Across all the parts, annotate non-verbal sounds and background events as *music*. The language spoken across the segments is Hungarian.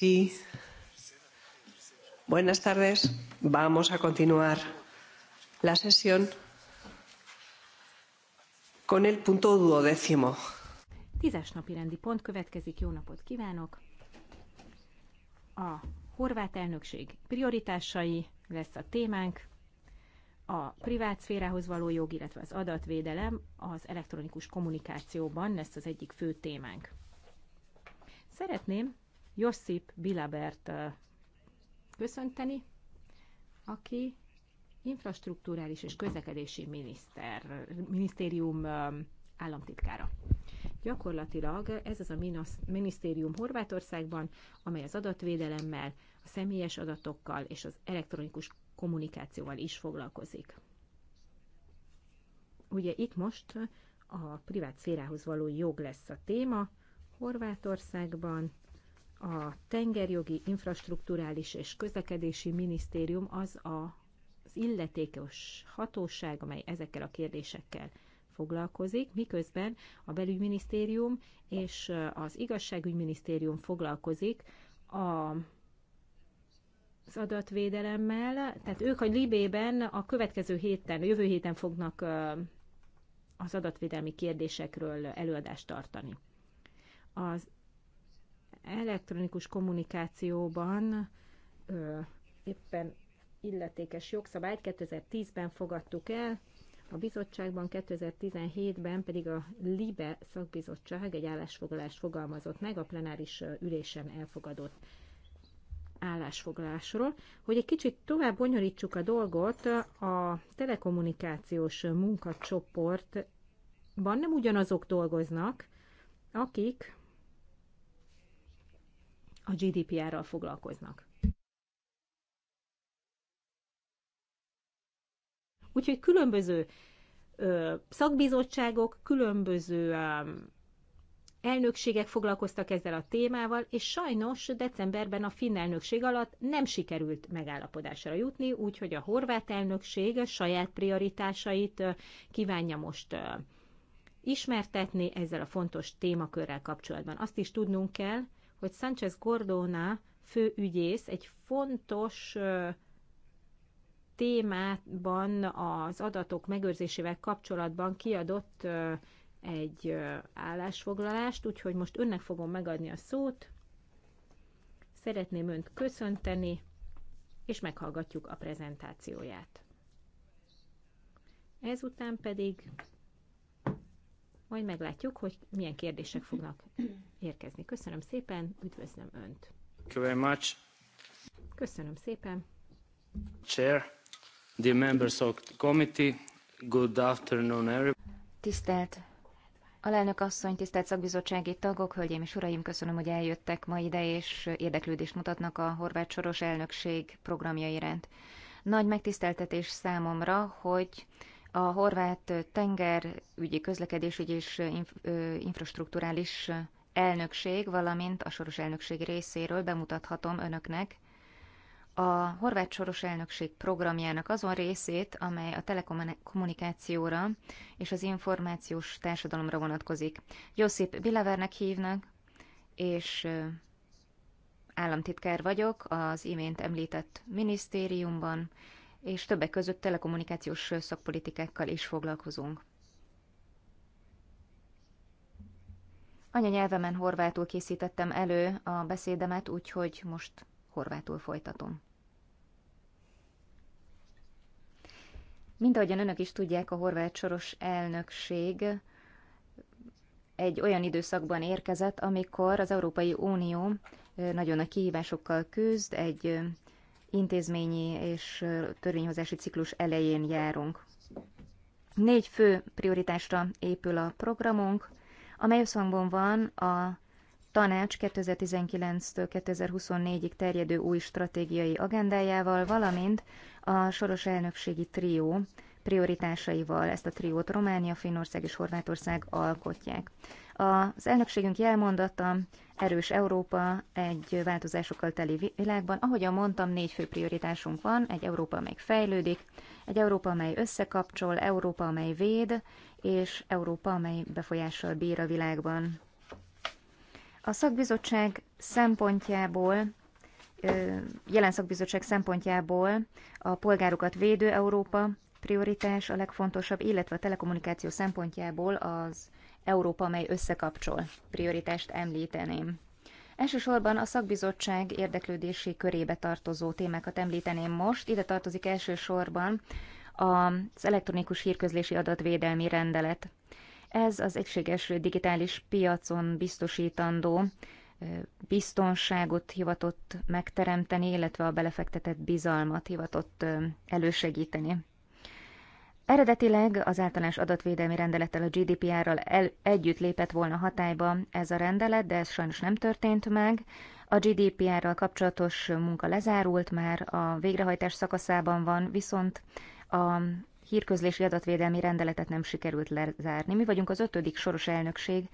Sí. Buenas tardes. Vamos a continuar la sesión con el punto duodécimo. Tízes napi rendi pont következik. Jó napot kívánok! A horvát elnökség prioritásai lesz a témánk a privát szférához való jog, illetve az adatvédelem az elektronikus kommunikációban lesz az egyik fő témánk. Szeretném Josip Bilabert köszönteni, aki infrastruktúrális és közlekedési miniszter, minisztérium államtitkára. Gyakorlatilag ez az a minisztérium Horvátországban, amely az adatvédelemmel, a személyes adatokkal és az elektronikus kommunikációval is foglalkozik. Ugye itt most a privát szférához való jog lesz a téma Horvátországban, a tengerjogi, infrastruktúrális és közlekedési minisztérium az a, az illetékos hatóság, amely ezekkel a kérdésekkel foglalkozik, miközben a belügyminisztérium és az igazságügyminisztérium foglalkozik a az adatvédelemmel, tehát ők a Libében a következő héten, a jövő héten fognak az adatvédelmi kérdésekről előadást tartani. Az elektronikus kommunikációban éppen illetékes jogszabályt 2010-ben fogadtuk el, a bizottságban 2017-ben pedig a LIBE szakbizottság egy állásfoglalást fogalmazott meg a plenáris ülésen elfogadott állásfoglalásról. Hogy egy kicsit tovább bonyolítsuk a dolgot, a telekommunikációs munkacsoportban nem ugyanazok dolgoznak, akik a GDPR-ral foglalkoznak. Úgyhogy különböző ö, szakbizottságok, különböző ö, elnökségek foglalkoztak ezzel a témával, és sajnos decemberben a finn elnökség alatt nem sikerült megállapodásra jutni, úgyhogy a horvát elnökség saját prioritásait kívánja most ismertetni ezzel a fontos témakörrel kapcsolatban. Azt is tudnunk kell, hogy Sánchez Gordona főügyész egy fontos témában az adatok megőrzésével kapcsolatban kiadott egy állásfoglalást, úgyhogy most önnek fogom megadni a szót. Szeretném önt köszönteni, és meghallgatjuk a prezentációját. Ezután pedig majd meglátjuk, hogy milyen kérdések fognak érkezni. Köszönöm szépen, üdvözlöm Önt! Köszönöm szépen! Chair, the members of the committee, good afternoon everybody. Tisztelt Alelnök asszony, tisztelt szakbizottsági tagok, hölgyeim és uraim, köszönöm, hogy eljöttek ma ide, és érdeklődést mutatnak a horvát soros elnökség programja iránt. Nagy megtiszteltetés számomra, hogy a horvát tenger tengerügyi, közlekedésügyi és infrastruktúrális elnökség, valamint a soros elnökség részéről bemutathatom önöknek a horvát soros elnökség programjának azon részét, amely a telekommunikációra és az információs társadalomra vonatkozik. Josip Bilevernek hívnak, és államtitkár vagyok az imént említett minisztériumban, és többek között telekommunikációs szakpolitikákkal is foglalkozunk. Anyanyelvemen horvátul készítettem elő a beszédemet, úgyhogy most horvátul folytatom. Mint ahogyan önök is tudják, a horvát soros elnökség egy olyan időszakban érkezett, amikor az Európai Unió nagyon nagy kihívásokkal küzd, egy intézményi és törvényhozási ciklus elején járunk. Négy fő prioritásra épül a programunk, amely összhangban van a tanács 2019-től 2024-ig terjedő új stratégiai agendájával, valamint a soros elnökségi trió prioritásaival. Ezt a triót Románia, Finnország és Horvátország alkotják. Az elnökségünk jelmondata erős Európa egy változásokkal teli világban. Ahogyan mondtam, négy fő prioritásunk van. Egy Európa, amely fejlődik, egy Európa, amely összekapcsol, Európa, amely véd, és Európa, amely befolyással bír a világban. A szakbizottság szempontjából jelen szakbizottság szempontjából a polgárokat védő Európa, prioritás, a legfontosabb, illetve a telekommunikáció szempontjából az Európa, amely összekapcsol prioritást említeném. Elsősorban a szakbizottság érdeklődési körébe tartozó témákat említeném most. Ide tartozik elsősorban az elektronikus hírközlési adatvédelmi rendelet. Ez az egységes digitális piacon biztosítandó biztonságot hivatott megteremteni, illetve a belefektetett bizalmat hivatott elősegíteni. Eredetileg az általános adatvédelmi rendelettel a GDPR-ral el, együtt lépett volna hatályba ez a rendelet, de ez sajnos nem történt meg. A GDPR-ral kapcsolatos munka lezárult, már a végrehajtás szakaszában van, viszont a hírközlési adatvédelmi rendeletet nem sikerült lezárni. Mi vagyunk az ötödik soros elnökség,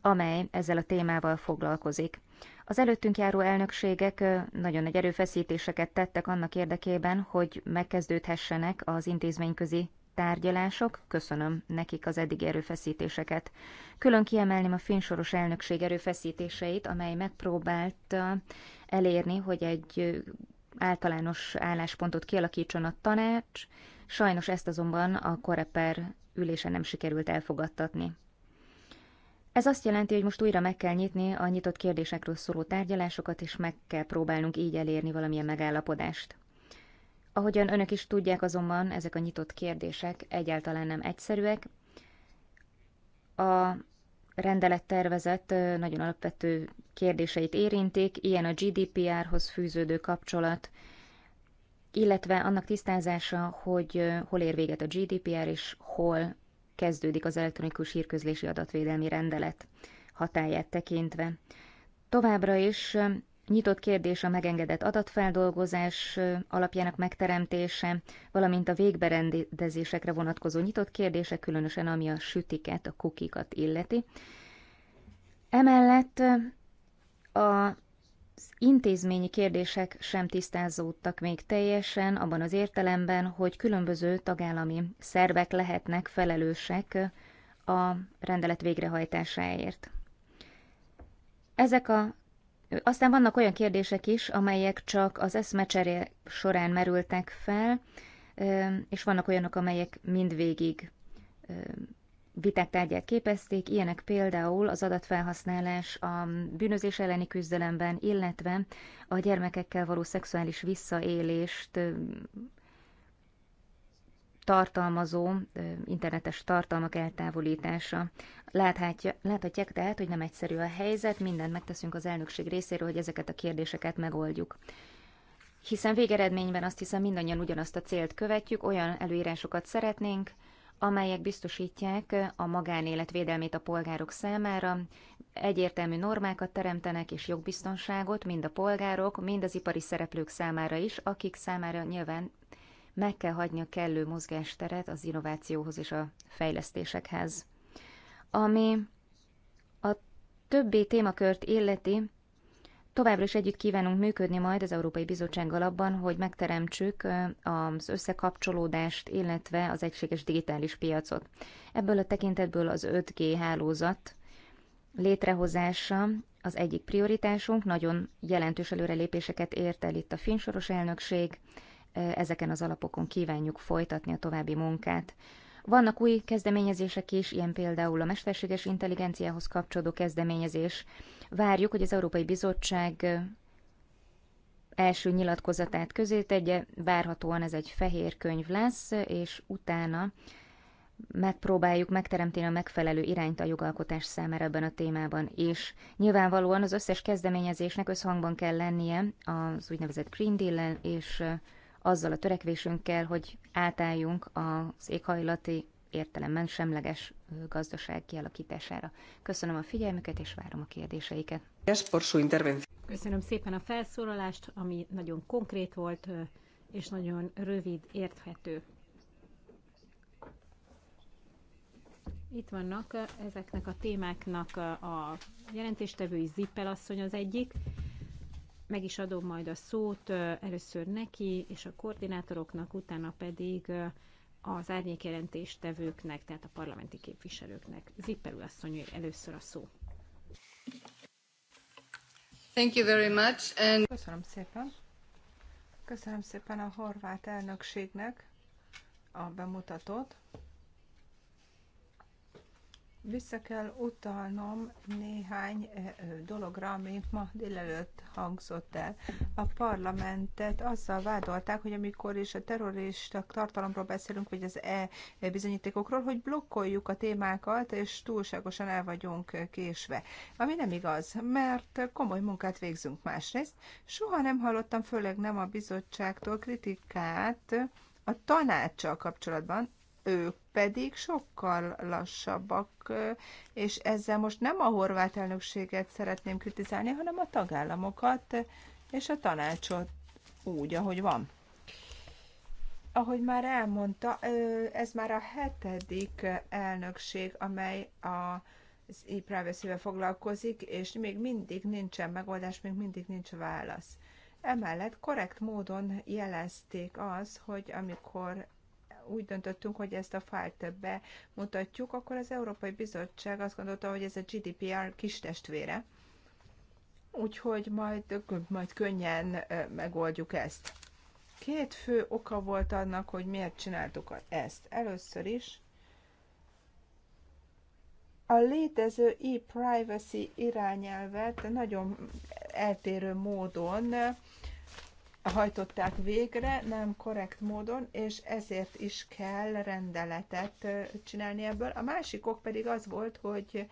amely ezzel a témával foglalkozik. Az előttünk járó elnökségek nagyon nagy erőfeszítéseket tettek annak érdekében, hogy megkezdődhessenek az intézményközi tárgyalások, köszönöm nekik az eddig erőfeszítéseket. Külön kiemelném a fénysoros elnökség erőfeszítéseit, amely megpróbált elérni, hogy egy általános álláspontot kialakítson a tanács, sajnos ezt azonban a koreper ülésen nem sikerült elfogadtatni. Ez azt jelenti, hogy most újra meg kell nyitni a nyitott kérdésekről szóló tárgyalásokat, és meg kell próbálnunk így elérni valamilyen megállapodást. Ahogyan önök is tudják, azonban ezek a nyitott kérdések egyáltalán nem egyszerűek. A rendelettervezet nagyon alapvető kérdéseit érintik, ilyen a GDPR-hoz fűződő kapcsolat, illetve annak tisztázása, hogy hol ér véget a GDPR és hol kezdődik az elektronikus hírközlési adatvédelmi rendelet hatáját tekintve. Továbbra is Nyitott kérdés a megengedett adatfeldolgozás alapjának megteremtése, valamint a végberendezésekre vonatkozó nyitott kérdések, különösen ami a sütiket, a kukikat illeti. Emellett a az intézményi kérdések sem tisztázódtak még teljesen, abban az értelemben, hogy különböző tagállami szervek lehetnek felelősek a rendelet végrehajtásáért. Ezek a aztán vannak olyan kérdések is, amelyek csak az eszmecseré során merültek fel, és vannak olyanok, amelyek mindvégig viták tárgyát képezték, ilyenek például az adatfelhasználás a bűnözés elleni küzdelemben, illetve a gyermekekkel való szexuális visszaélést tartalmazó internetes tartalmak eltávolítása. Láthatja, láthatják tehát, hogy nem egyszerű a helyzet, mindent megteszünk az elnökség részéről, hogy ezeket a kérdéseket megoldjuk. Hiszen végeredményben azt hiszem mindannyian ugyanazt a célt követjük, olyan előírásokat szeretnénk, amelyek biztosítják a magánélet védelmét a polgárok számára, egyértelmű normákat teremtenek és jogbiztonságot mind a polgárok, mind az ipari szereplők számára is, akik számára nyilván meg kell hagyni a kellő mozgásteret az innovációhoz és a fejlesztésekhez. Ami a többi témakört illeti, továbbra is együtt kívánunk működni majd az Európai Bizottsággal abban, hogy megteremtsük az összekapcsolódást, illetve az egységes digitális piacot. Ebből a tekintetből az 5G hálózat létrehozása az egyik prioritásunk, nagyon jelentős előrelépéseket ért el itt a finsoros elnökség, ezeken az alapokon kívánjuk folytatni a további munkát. Vannak új kezdeményezések is, ilyen például a mesterséges intelligenciához kapcsolódó kezdeményezés. Várjuk, hogy az Európai Bizottság első nyilatkozatát közé tegye, várhatóan ez egy fehér könyv lesz, és utána megpróbáljuk megteremteni a megfelelő irányt a jogalkotás számára ebben a témában is. Nyilvánvalóan az összes kezdeményezésnek összhangban kell lennie az úgynevezett Green Deal-en és azzal a törekvésünkkel, hogy átálljunk az éghajlati értelemben semleges gazdaság kialakítására. Köszönöm a figyelmüket, és várom a kérdéseiket. Köszönöm szépen a felszólalást, ami nagyon konkrét volt, és nagyon rövid, érthető. Itt vannak ezeknek a témáknak a jelentéstevői Zippel asszony az egyik, meg is adom majd a szót először neki, és a koordinátoroknak, utána pedig az árnyékjelentéstevőknek, tehát a parlamenti képviselőknek. Zipperül asszony először a szó. Thank you very much. And... Köszönöm szépen. Köszönöm szépen a horvát elnökségnek a bemutatót. Vissza kell utalnom néhány eh, eh, dologra, amit ma délelőtt hangzott el. A parlamentet azzal vádolták, hogy amikor is a terrorista tartalomról beszélünk, vagy az e-bizonyítékokról, eh, hogy blokkoljuk a témákat, és túlságosan el vagyunk késve. Ami nem igaz, mert komoly munkát végzünk másrészt. Soha nem hallottam, főleg nem a bizottságtól kritikát, a tanácsal kapcsolatban, ők pedig sokkal lassabbak, és ezzel most nem a horvát elnökséget szeretném kritizálni, hanem a tagállamokat és a tanácsot úgy, ahogy van. Ahogy már elmondta, ez már a hetedik elnökség, amely a az e-privacy-vel foglalkozik, és még mindig nincsen megoldás, még mindig nincs válasz. Emellett korrekt módon jelezték az, hogy amikor úgy döntöttünk, hogy ezt a fájlt mutatjuk, akkor az Európai Bizottság azt gondolta, hogy ez a GDPR kis testvére. Úgyhogy majd, majd könnyen megoldjuk ezt. Két fő oka volt annak, hogy miért csináltuk ezt. Először is a létező e-privacy irányelvet nagyon eltérő módon hajtották végre, nem korrekt módon, és ezért is kell rendeletet csinálni ebből. A másik ok pedig az volt, hogy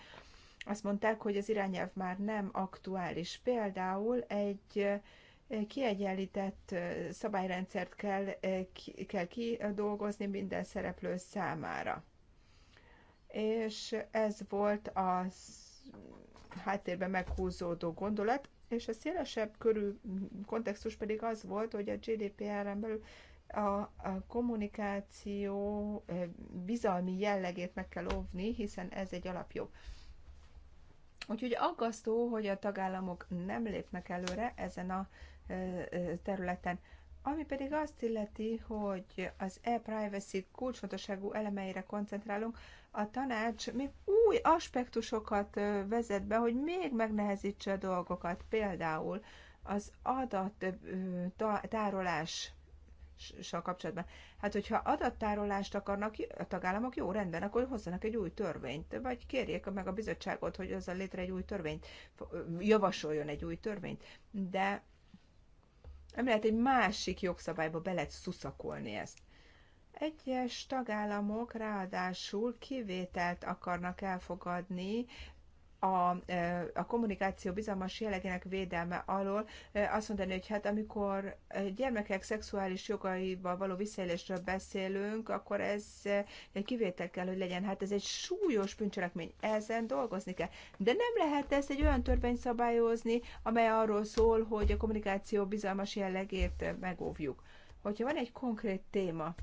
azt mondták, hogy az irányelv már nem aktuális. Például egy kiegyenlített szabályrendszert kell, kell kidolgozni minden szereplő számára. És ez volt az háttérben meghúzódó gondolat, és a szélesebb körű kontextus pedig az volt, hogy a GDPR-en belül a, a kommunikáció bizalmi jellegét meg kell óvni, hiszen ez egy alapjog. Úgyhogy aggasztó, hogy a tagállamok nem lépnek előre ezen a területen. Ami pedig azt illeti, hogy az e-privacy kulcsfontosságú elemeire koncentrálunk, a tanács még új aspektusokat vezet be, hogy még megnehezítse a dolgokat. Például az adattárolás kapcsolatban. Hát, hogyha adattárolást akarnak a tagállamok, jó, rendben, akkor hozzanak egy új törvényt, vagy kérjék meg a bizottságot, hogy hozzon létre egy új törvényt, javasoljon egy új törvényt. De nem lehet egy másik jogszabályba bele szuszakolni ezt. Egyes tagállamok ráadásul kivételt akarnak elfogadni a, a kommunikáció bizalmas jellegének védelme alól azt mondani, hogy hát amikor gyermekek szexuális jogaival való visszaélésről beszélünk, akkor ez egy kivétel kell, hogy legyen. Hát ez egy súlyos bűncselekmény, ezen dolgozni kell. De nem lehet ezt egy olyan törvény szabályozni, amely arról szól, hogy a kommunikáció bizalmas jellegét megóvjuk. Hogyha van egy konkrét téma,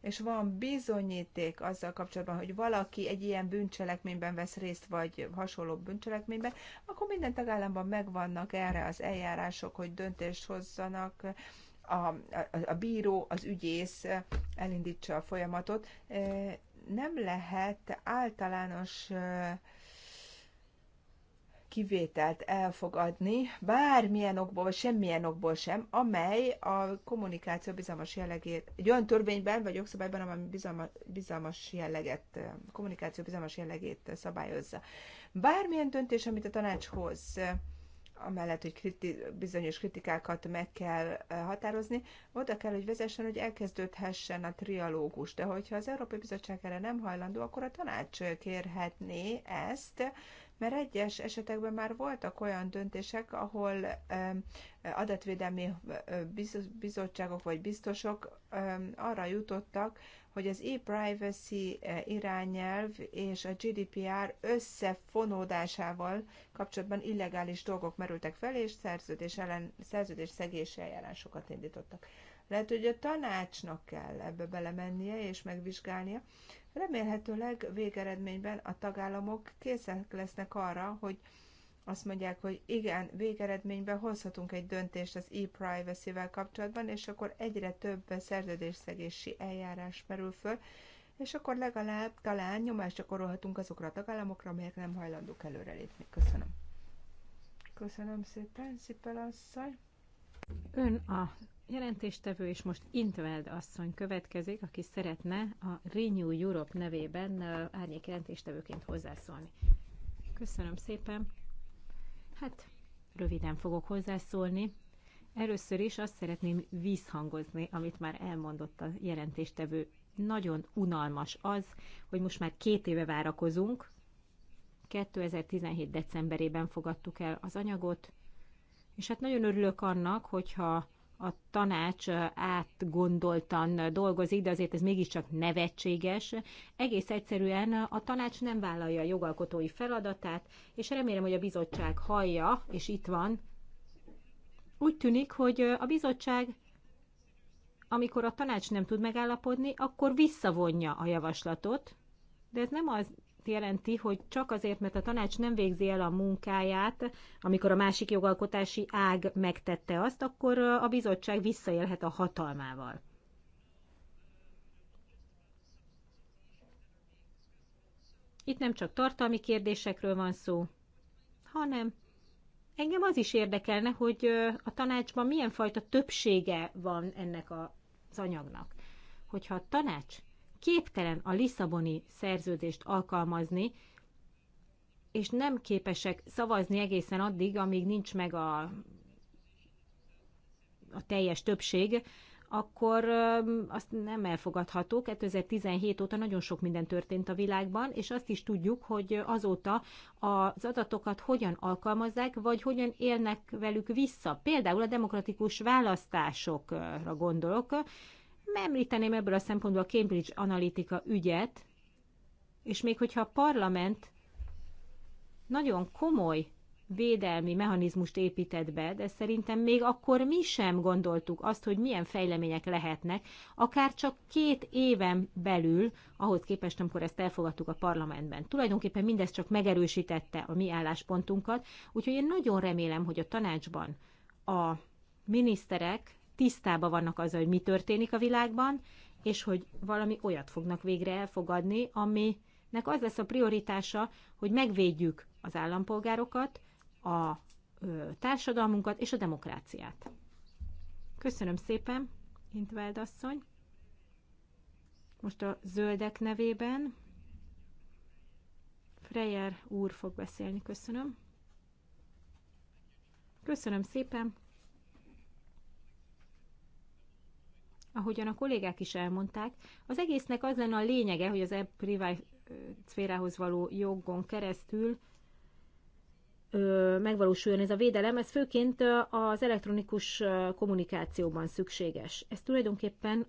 és van bizonyíték azzal kapcsolatban, hogy valaki egy ilyen bűncselekményben vesz részt, vagy hasonló bűncselekményben, akkor minden tagállamban megvannak erre az eljárások, hogy döntést hozzanak, a, a, a bíró, az ügyész elindítsa a folyamatot. Nem lehet általános kivételt elfogadni, bármilyen okból, vagy semmilyen okból sem, amely a kommunikáció bizalmas jellegét, egy olyan törvényben vagy jogszabályban, amely bizalma, bizalmas jelleget, kommunikáció bizalmas jellegét szabályozza. Bármilyen döntés, amit a tanács hoz, amellett, hogy kriti, bizonyos kritikákat meg kell határozni, oda kell, hogy vezessen, hogy elkezdődhessen a trialógus. De hogyha az Európai Bizottság erre nem hajlandó, akkor a tanács kérhetné ezt, mert egyes esetekben már voltak olyan döntések, ahol adatvédelmi bizottságok vagy biztosok arra jutottak, hogy az e-privacy e, irányelv és a GDPR összefonódásával kapcsolatban illegális dolgok merültek fel, és szerződés, ellen, szerződés szegési eljárásokat indítottak. Lehet, hogy a tanácsnak kell ebbe belemennie és megvizsgálnia, Remélhetőleg végeredményben a tagállamok készek lesznek arra, hogy azt mondják, hogy igen, végeredményben hozhatunk egy döntést az e-privacy-vel kapcsolatban, és akkor egyre több szerződésszegési eljárás merül föl, és akkor legalább talán nyomást gyakorolhatunk azokra a tagállamokra, amelyek nem hajlandók előrelépni. Köszönöm. Köszönöm szépen, Szipel asszony. Ön a jelentéstevő, és most Intveld asszony következik, aki szeretne a Renew Europe nevében árnyék jelentéstevőként hozzászólni. Köszönöm szépen. Hát, röviden fogok hozzászólni. Először is azt szeretném vízhangozni, amit már elmondott a jelentéstevő. Nagyon unalmas az, hogy most már két éve várakozunk. 2017. decemberében fogadtuk el az anyagot, és hát nagyon örülök annak, hogyha a tanács átgondoltan dolgozik, de azért ez mégiscsak nevetséges. Egész egyszerűen a tanács nem vállalja a jogalkotói feladatát, és remélem, hogy a bizottság hallja, és itt van. Úgy tűnik, hogy a bizottság, amikor a tanács nem tud megállapodni, akkor visszavonja a javaslatot, de ez nem az jelenti, hogy csak azért, mert a tanács nem végzi el a munkáját, amikor a másik jogalkotási ág megtette azt, akkor a bizottság visszaélhet a hatalmával. Itt nem csak tartalmi kérdésekről van szó, hanem engem az is érdekelne, hogy a tanácsban milyen fajta többsége van ennek az anyagnak. Hogyha a tanács képtelen a Lisszaboni szerződést alkalmazni, és nem képesek szavazni egészen addig, amíg nincs meg a, a teljes többség, akkor azt nem elfogadható. 2017 óta nagyon sok minden történt a világban, és azt is tudjuk, hogy azóta az adatokat hogyan alkalmazzák, vagy hogyan élnek velük vissza. Például a demokratikus választásokra gondolok, Említeném ebből a szempontból a Cambridge Analytica ügyet, és még hogyha a parlament nagyon komoly védelmi mechanizmust épített be, de szerintem még akkor mi sem gondoltuk azt, hogy milyen fejlemények lehetnek, akár csak két éven belül, ahhoz képest, amikor ezt elfogadtuk a parlamentben. Tulajdonképpen mindez csak megerősítette a mi álláspontunkat, úgyhogy én nagyon remélem, hogy a tanácsban a miniszterek tisztában vannak azzal, hogy mi történik a világban, és hogy valami olyat fognak végre elfogadni, aminek az lesz a prioritása, hogy megvédjük az állampolgárokat, a társadalmunkat és a demokráciát. Köszönöm szépen, Intveld asszony. Most a zöldek nevében Freyer úr fog beszélni. Köszönöm. Köszönöm szépen. ahogyan a kollégák is elmondták, az egésznek az lenne a lényege, hogy az e-privát szférához való jogon keresztül ö, megvalósuljon ez a védelem, ez főként az elektronikus kommunikációban szükséges. Ez tulajdonképpen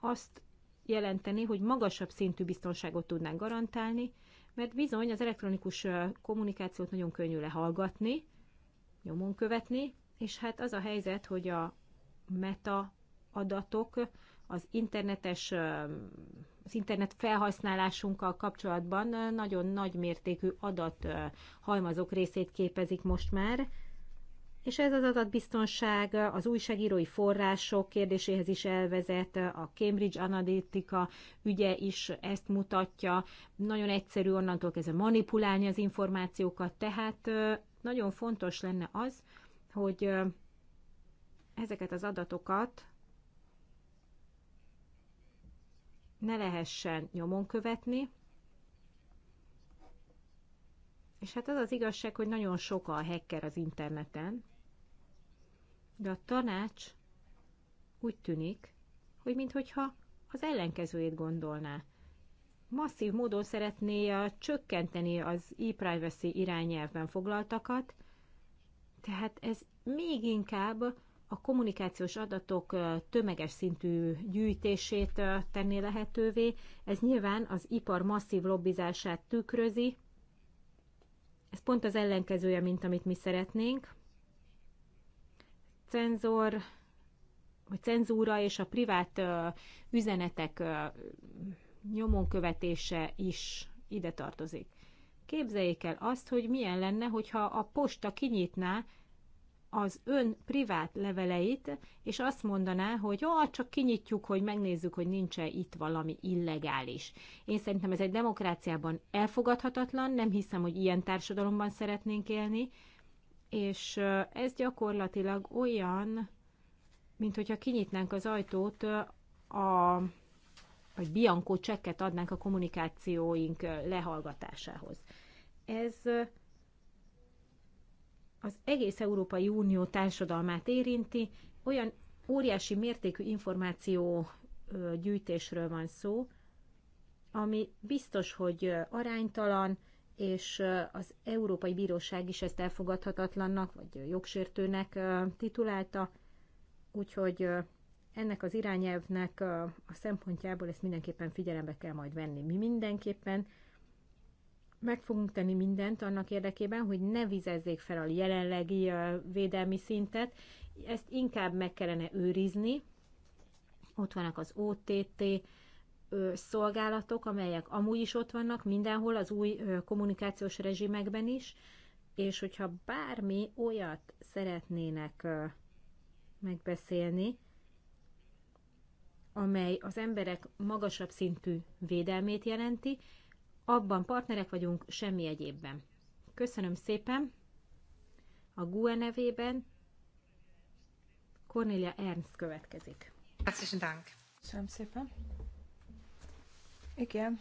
azt jelenteni, hogy magasabb szintű biztonságot tudnánk garantálni, mert bizony az elektronikus kommunikációt nagyon könnyű lehallgatni, nyomon követni, és hát az a helyzet, hogy a meta adatok az internetes, az internet felhasználásunkkal kapcsolatban nagyon nagy mértékű adat halmazok részét képezik most már, és ez az adatbiztonság az újságírói források kérdéséhez is elvezet, a Cambridge Analytica ügye is ezt mutatja, nagyon egyszerű onnantól kezdve manipulálni az információkat, tehát nagyon fontos lenne az, hogy ezeket az adatokat ne lehessen nyomon követni. És hát az az igazság, hogy nagyon sok a hacker az interneten, de a tanács úgy tűnik, hogy minthogyha az ellenkezőjét gondolná. Masszív módon szeretné csökkenteni az e-privacy irányelvben foglaltakat, tehát ez még inkább a kommunikációs adatok tömeges szintű gyűjtését tenni lehetővé. Ez nyilván az ipar masszív lobbizását tükrözi. Ez pont az ellenkezője, mint amit mi szeretnénk. Cenzor, vagy cenzúra és a privát üzenetek nyomon követése is ide tartozik. Képzeljék el azt, hogy milyen lenne, hogyha a posta kinyitná az ön privát leveleit, és azt mondaná, hogy jó, hát csak kinyitjuk, hogy megnézzük, hogy nincs-e itt valami illegális. Én szerintem ez egy demokráciában elfogadhatatlan, nem hiszem, hogy ilyen társadalomban szeretnénk élni, és ez gyakorlatilag olyan, mint hogyha kinyitnánk az ajtót, a, vagy biankó csekket adnánk a kommunikációink lehallgatásához. Ez az egész Európai Unió társadalmát érinti, olyan óriási mértékű információ gyűjtésről van szó, ami biztos, hogy aránytalan, és az Európai Bíróság is ezt elfogadhatatlannak, vagy jogsértőnek titulálta, úgyhogy ennek az irányelvnek a szempontjából ezt mindenképpen figyelembe kell majd venni. Mi mindenképpen meg fogunk tenni mindent annak érdekében, hogy ne vizezzék fel a jelenlegi védelmi szintet, ezt inkább meg kellene őrizni. Ott vannak az OTT szolgálatok, amelyek amúgy is ott vannak mindenhol, az új kommunikációs rezsimekben is, és hogyha bármi olyat szeretnének megbeszélni, amely az emberek magasabb szintű védelmét jelenti, abban partnerek vagyunk, semmi egyébben. Köszönöm szépen a GUE nevében. Cornelia Ernst következik. Herzlichen Dank. Köszönöm szépen. Igen.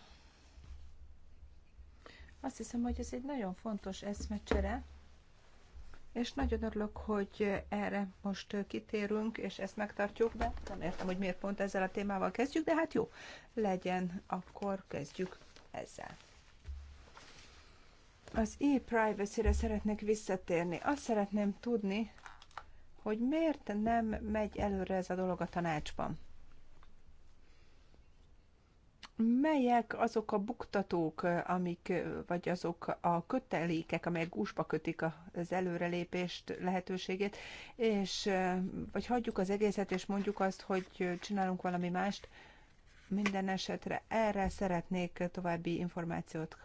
Azt hiszem, hogy ez egy nagyon fontos eszmecsere, és nagyon örülök, hogy erre most kitérünk, és ezt megtartjuk be. Nem értem, hogy miért pont ezzel a témával kezdjük, de hát jó, legyen, akkor kezdjük ezzel. Az e-privacy-re szeretnék visszatérni. Azt szeretném tudni, hogy miért nem megy előre ez a dolog a tanácsban. Melyek azok a buktatók, amik, vagy azok a kötelékek, amelyek gúspa kötik az előrelépést lehetőségét, és vagy hagyjuk az egészet, és mondjuk azt, hogy csinálunk valami mást, minden esetre erre szeretnék további információt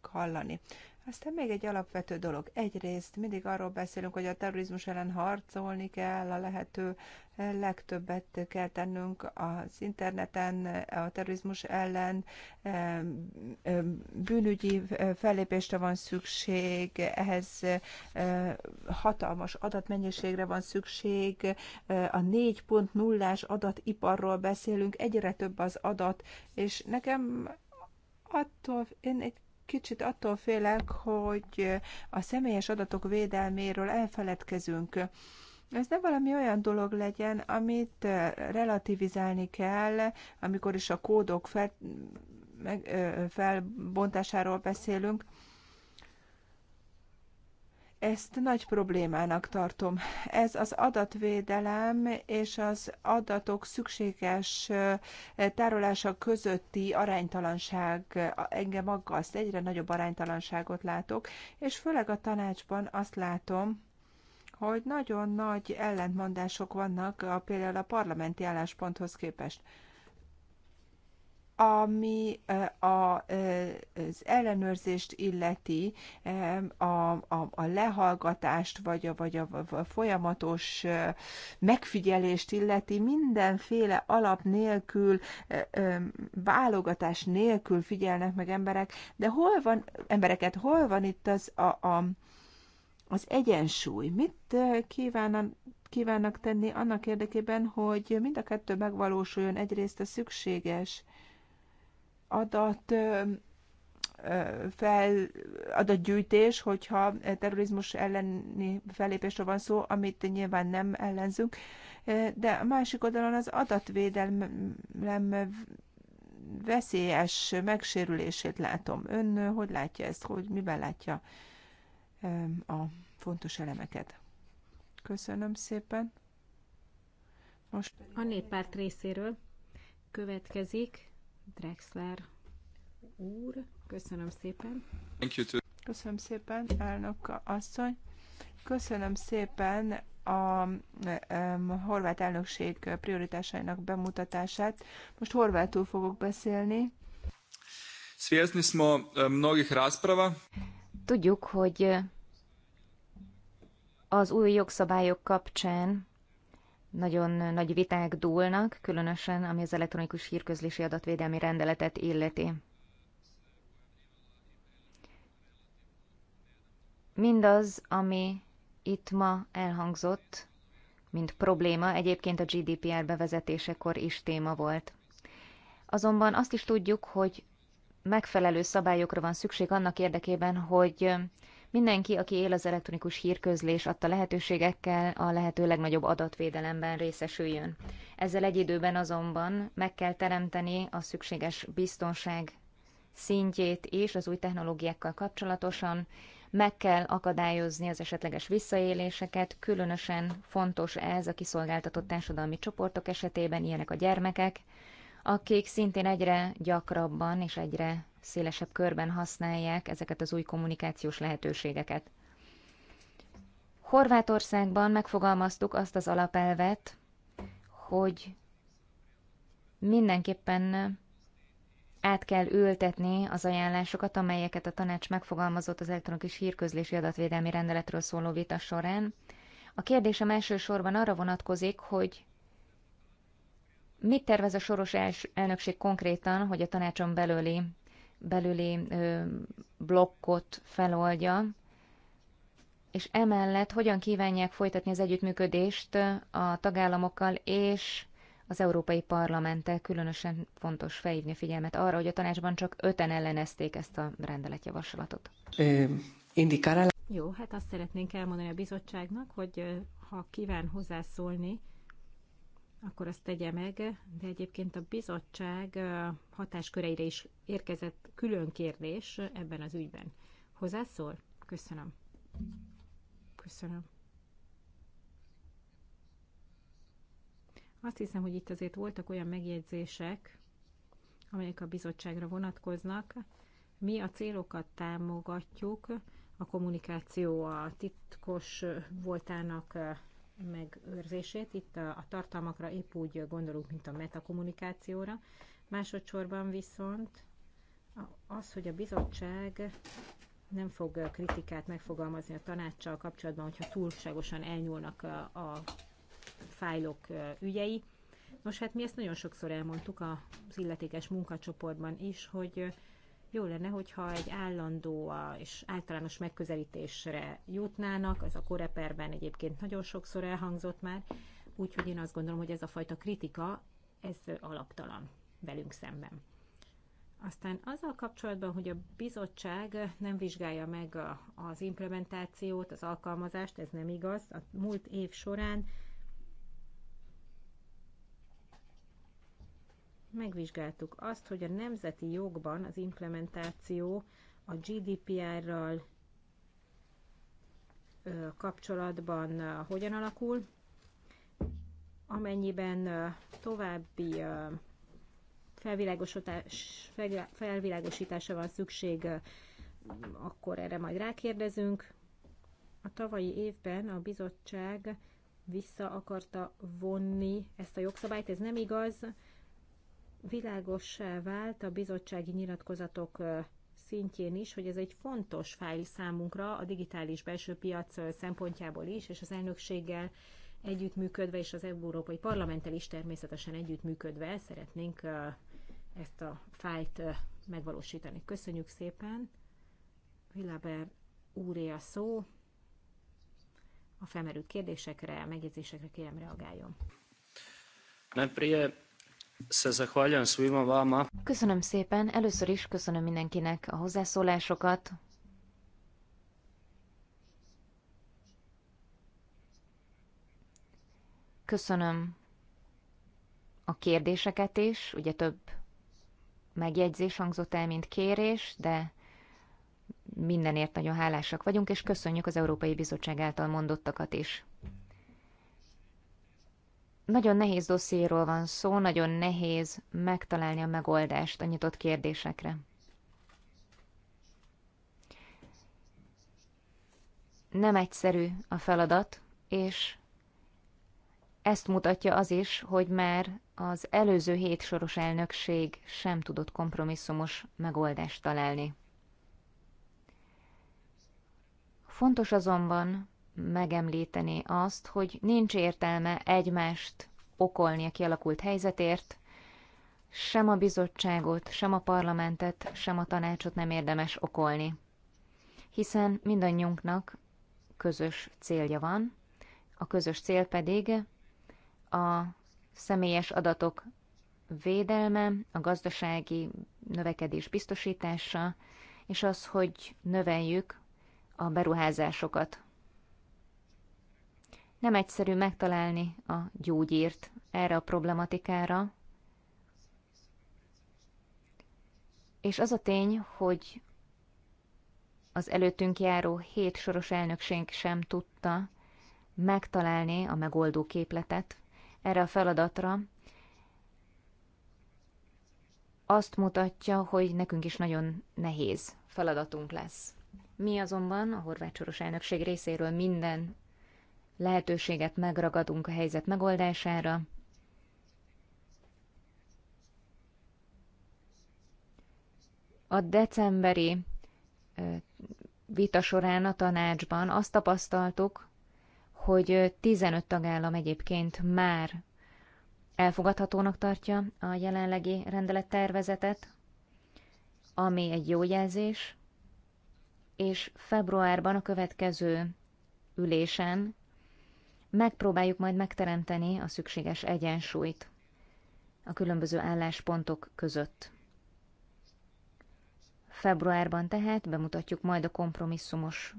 hallani. Aztán még egy alapvető dolog. Egyrészt mindig arról beszélünk, hogy a terrorizmus ellen harcolni kell, a lehető legtöbbet kell tennünk az interneten, a terrorizmus ellen, bűnügyi eh, fellépésre van szükség, ehhez eh, hatalmas adatmennyiségre van szükség, eh, a 40 as adatiparról beszélünk, egyre több az adat, és nekem attól én egy kicsit attól félek, hogy a személyes adatok védelméről elfeledkezünk. Ez nem valami olyan dolog legyen, amit eh, relativizálni kell, amikor is a kódok fel, meg, eh, felbontásáról beszélünk. Ezt nagy problémának tartom. Ez az adatvédelem és az adatok szükséges eh, tárolása közötti aránytalanság engem aggaszt. Egyre nagyobb aránytalanságot látok, és főleg a tanácsban azt látom, hogy nagyon nagy ellentmondások vannak a, például a parlamenti állásponthoz képest ami az ellenőrzést illeti, a, a, a lehallgatást, vagy a, vagy a, folyamatos megfigyelést illeti, mindenféle alap nélkül, válogatás nélkül figyelnek meg emberek, de hol van, embereket, hol van itt az, a, a, az egyensúly? Mit kívánnak kívánnak tenni annak érdekében, hogy mind a kettő megvalósuljon egyrészt a szükséges adat fel, adatgyűjtés, hogyha terrorizmus elleni fellépésről van szó, amit nyilván nem ellenzünk, de a másik oldalon az adatvédelem veszélyes megsérülését látom. Ön hogy látja ezt, hogy miben látja a fontos elemeket? Köszönöm szépen. Most a néppárt részéről következik Drexler úr. Köszönöm szépen. Thank you too. Köszönöm szépen, elnök asszony. Köszönöm szépen a um, horvát elnökség prioritásainak bemutatását. Most horvátul fogok beszélni. Svjesni smo mnogih rasprava. Tudjuk, hogy az új jogszabályok kapcsán nagyon nagy viták dúlnak, különösen ami az elektronikus hírközlési adatvédelmi rendeletet illeti. Mindaz, ami itt ma elhangzott, mint probléma, egyébként a GDPR bevezetésekor is téma volt. Azonban azt is tudjuk, hogy megfelelő szabályokra van szükség annak érdekében, hogy Mindenki, aki él az elektronikus hírközlés adta lehetőségekkel, a lehető legnagyobb adatvédelemben részesüljön. Ezzel egy időben azonban meg kell teremteni a szükséges biztonság szintjét és az új technológiákkal kapcsolatosan, meg kell akadályozni az esetleges visszaéléseket, különösen fontos ez a kiszolgáltatott társadalmi csoportok esetében, ilyenek a gyermekek, akik szintén egyre gyakrabban és egyre szélesebb körben használják ezeket az új kommunikációs lehetőségeket. Horvátországban megfogalmaztuk azt az alapelvet, hogy mindenképpen át kell ültetni az ajánlásokat, amelyeket a tanács megfogalmazott az elektronikus hírközlési adatvédelmi rendeletről szóló vita során. A kérdésem elsősorban arra vonatkozik, hogy mit tervez a soros elnökség konkrétan, hogy a tanácson belőli belüli blokkot feloldja, és emellett hogyan kívánják folytatni az együttműködést a tagállamokkal és az Európai Parlamenttel különösen fontos felhívni a figyelmet arra, hogy a tanácsban csak öten ellenezték ezt a rendeletjavaslatot. Jó, hát azt szeretnénk elmondani a bizottságnak, hogy ha kíván hozzászólni akkor azt tegye meg, de egyébként a bizottság hatásköreire is érkezett külön kérdés ebben az ügyben. Hozzászól? Köszönöm. Köszönöm. Azt hiszem, hogy itt azért voltak olyan megjegyzések, amelyek a bizottságra vonatkoznak. Mi a célokat támogatjuk, a kommunikáció a titkos voltának megőrzését. Itt a, a tartalmakra épp úgy gondolunk, mint a metakommunikációra. Másodszorban viszont az, hogy a bizottság nem fog kritikát megfogalmazni a tanácssal kapcsolatban, hogyha túlságosan elnyúlnak a, a fájlok ügyei. Nos, hát mi ezt nagyon sokszor elmondtuk az illetékes munkacsoportban is, hogy jó lenne, hogyha egy állandó és általános megközelítésre jutnának, ez a koreperben egyébként nagyon sokszor elhangzott már, úgyhogy én azt gondolom, hogy ez a fajta kritika, ez alaptalan velünk szemben. Aztán azzal kapcsolatban, hogy a bizottság nem vizsgálja meg az implementációt, az alkalmazást, ez nem igaz. A múlt év során megvizsgáltuk azt, hogy a nemzeti jogban az implementáció a GDPR-ral kapcsolatban hogyan alakul, amennyiben további felvilágosításra van szükség, akkor erre majd rákérdezünk. A tavalyi évben a bizottság vissza akarta vonni ezt a jogszabályt, ez nem igaz, világossá vált a bizottsági nyilatkozatok szintjén is, hogy ez egy fontos fájl számunkra a digitális belső piac szempontjából is, és az elnökséggel együttműködve, és az Európai Parlamenttel is természetesen együttműködve szeretnénk ezt a fájlt megvalósítani. Köszönjük szépen! Viláber úré a szó. A felmerült kérdésekre, megjegyzésekre kérem reagáljon. Najprije Köszönöm szépen. Először is köszönöm mindenkinek a hozzászólásokat. Köszönöm a kérdéseket is. Ugye több megjegyzés hangzott el, mint kérés, de mindenért nagyon hálásak vagyunk, és köszönjük az Európai Bizottság által mondottakat is. Nagyon nehéz dossziéról van szó, nagyon nehéz megtalálni a megoldást a nyitott kérdésekre. Nem egyszerű a feladat, és ezt mutatja az is, hogy már az előző hét soros elnökség sem tudott kompromisszumos megoldást találni. Fontos azonban, megemlíteni azt, hogy nincs értelme egymást okolni a kialakult helyzetért, sem a bizottságot, sem a parlamentet, sem a tanácsot nem érdemes okolni. Hiszen mindannyiunknak közös célja van, a közös cél pedig a személyes adatok védelme, a gazdasági növekedés biztosítása, és az, hogy növeljük a beruházásokat. Nem egyszerű megtalálni a gyógyírt erre a problematikára. És az a tény, hogy az előttünk járó hét soros elnökség sem tudta megtalálni a megoldó képletet erre a feladatra, azt mutatja, hogy nekünk is nagyon nehéz feladatunk lesz. Mi azonban a horvát soros elnökség részéről minden lehetőséget megragadunk a helyzet megoldására. A decemberi vita során a tanácsban azt tapasztaltuk, hogy 15 tagállam egyébként már elfogadhatónak tartja a jelenlegi rendelettervezetet, ami egy jó jelzés, és februárban a következő ülésen megpróbáljuk majd megteremteni a szükséges egyensúlyt a különböző álláspontok között. Februárban tehát bemutatjuk majd a kompromisszumos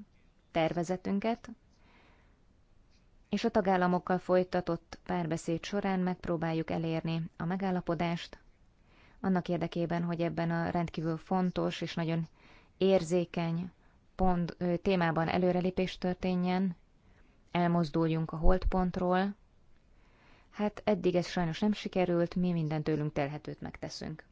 tervezetünket, és a tagállamokkal folytatott párbeszéd során megpróbáljuk elérni a megállapodást, annak érdekében, hogy ebben a rendkívül fontos és nagyon érzékeny pont, témában előrelépés történjen, elmozduljunk a holdpontról. Hát eddig ez sajnos nem sikerült, mi minden tőlünk telhetőt megteszünk.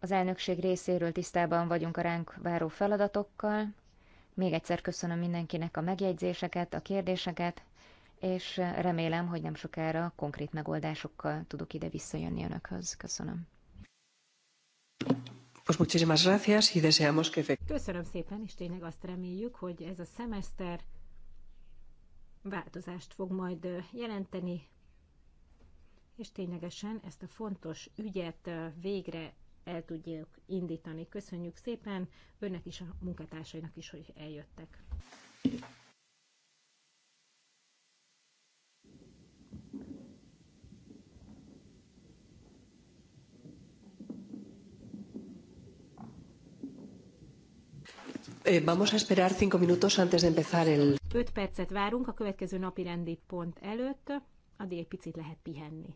Az elnökség részéről tisztában vagyunk a ránk váró feladatokkal. Még egyszer köszönöm mindenkinek a megjegyzéseket, a kérdéseket, és remélem, hogy nem sokára konkrét megoldásokkal tudok ide visszajönni önökhöz. Köszönöm. Pues muchísimas gracias y deseamos que Köszönöm szépen, és tényleg azt reméljük, hogy ez a szemeszter változást fog majd jelenteni, és ténylegesen ezt a fontos ügyet végre el tudjuk indítani. Köszönjük szépen önnek is, a munkatársainak is, hogy eljöttek. Eh, vamos a esperar cinco minutos antes de empezar el... Öt percet várunk a következő napi rendi pont előtt, addig egy picit lehet pihenni.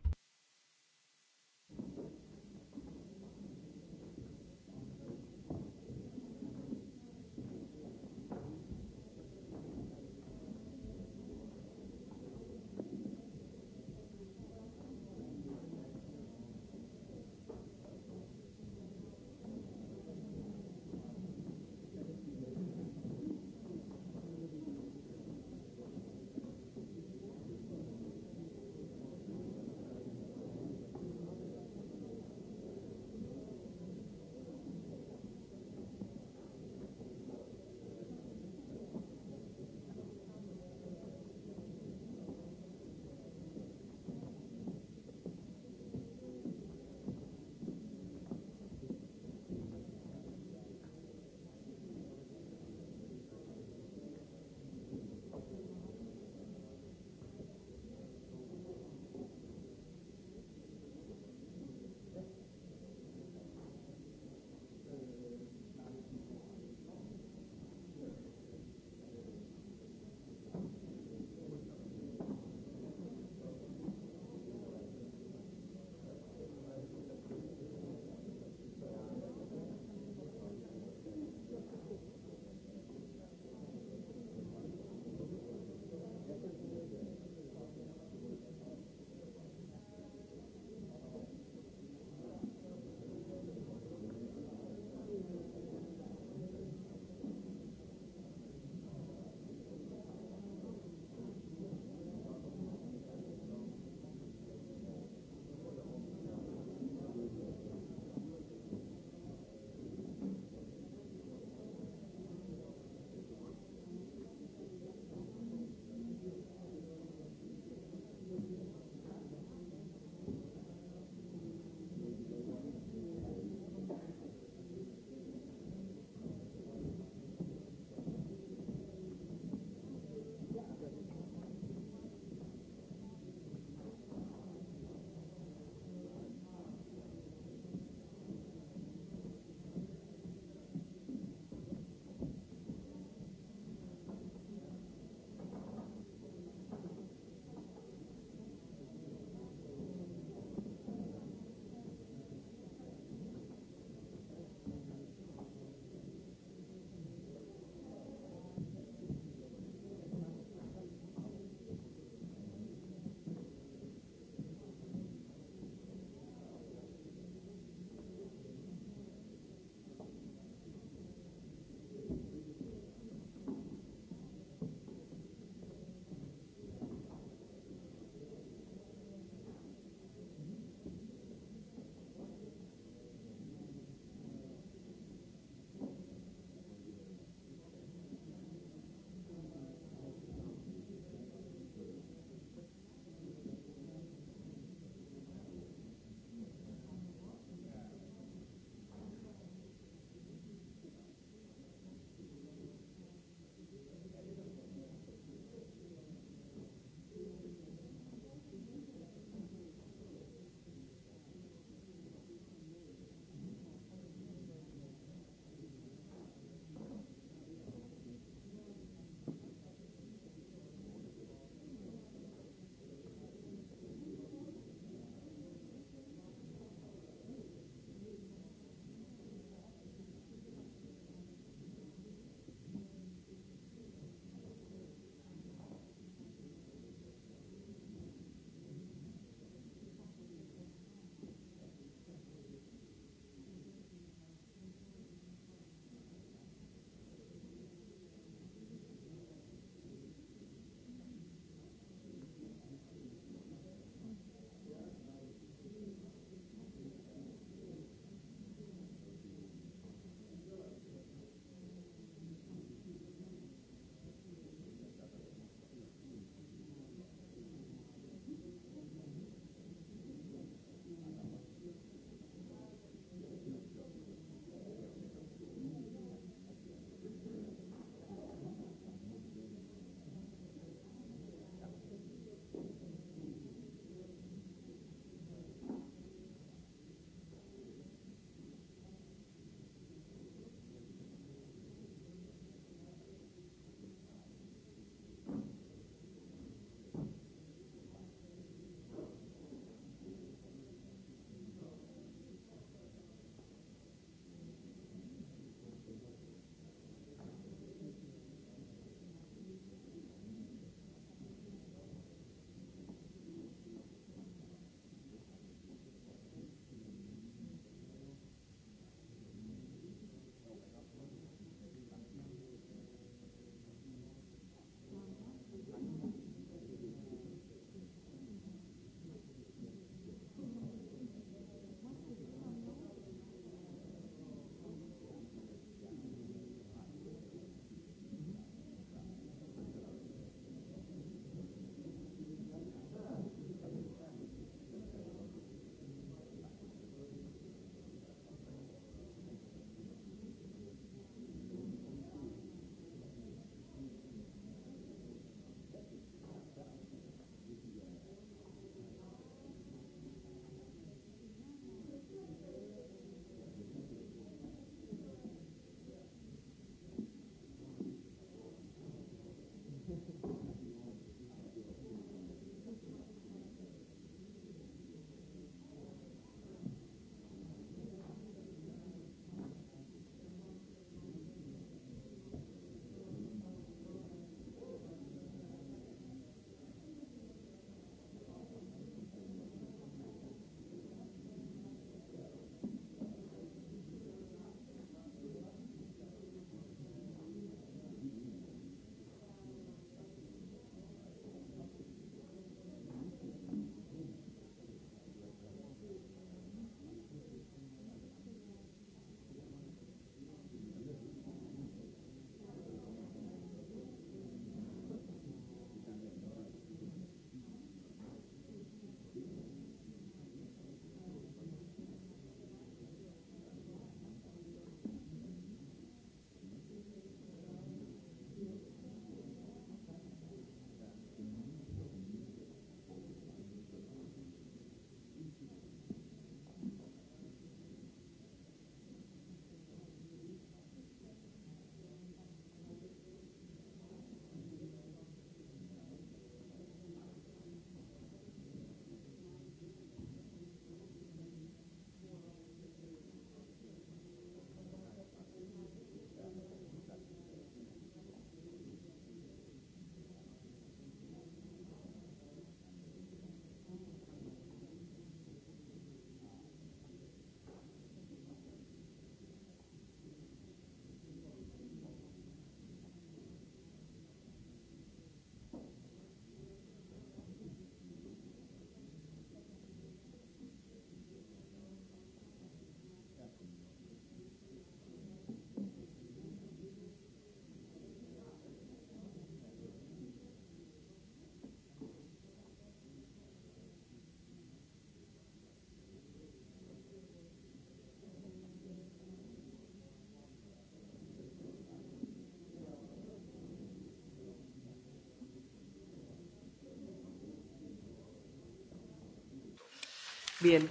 Bien,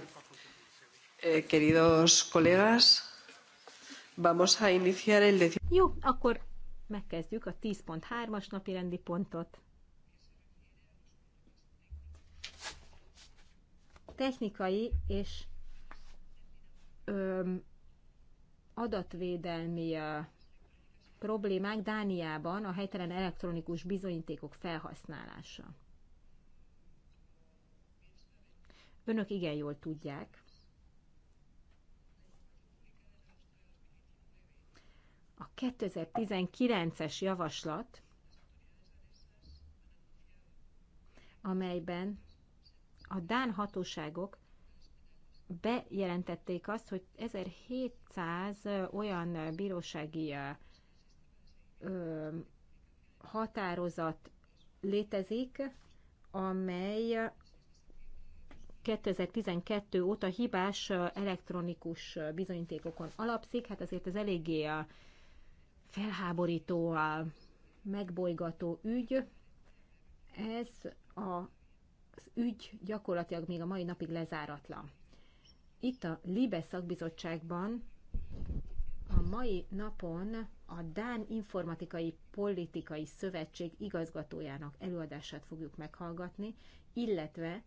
eh, queridos colegas, vamos a iniciar el... Jó, akkor megkezdjük a 10.3-as napi rendi pontot. Technikai és ö, adatvédelmi ö, problémák Dániában a helytelen elektronikus bizonyítékok felhasználása. Önök igen jól tudják, a 2019-es javaslat, amelyben a Dán hatóságok bejelentették azt, hogy 1700 olyan bírósági határozat létezik, amely 2012 óta hibás elektronikus bizonyítékokon alapszik, hát azért ez eléggé a felháborító, a megbolygató ügy. Ez a az ügy gyakorlatilag még a mai napig lezáratlan. Itt a Libe szakbizottságban a mai napon a Dán Informatikai Politikai Szövetség igazgatójának előadását fogjuk meghallgatni, illetve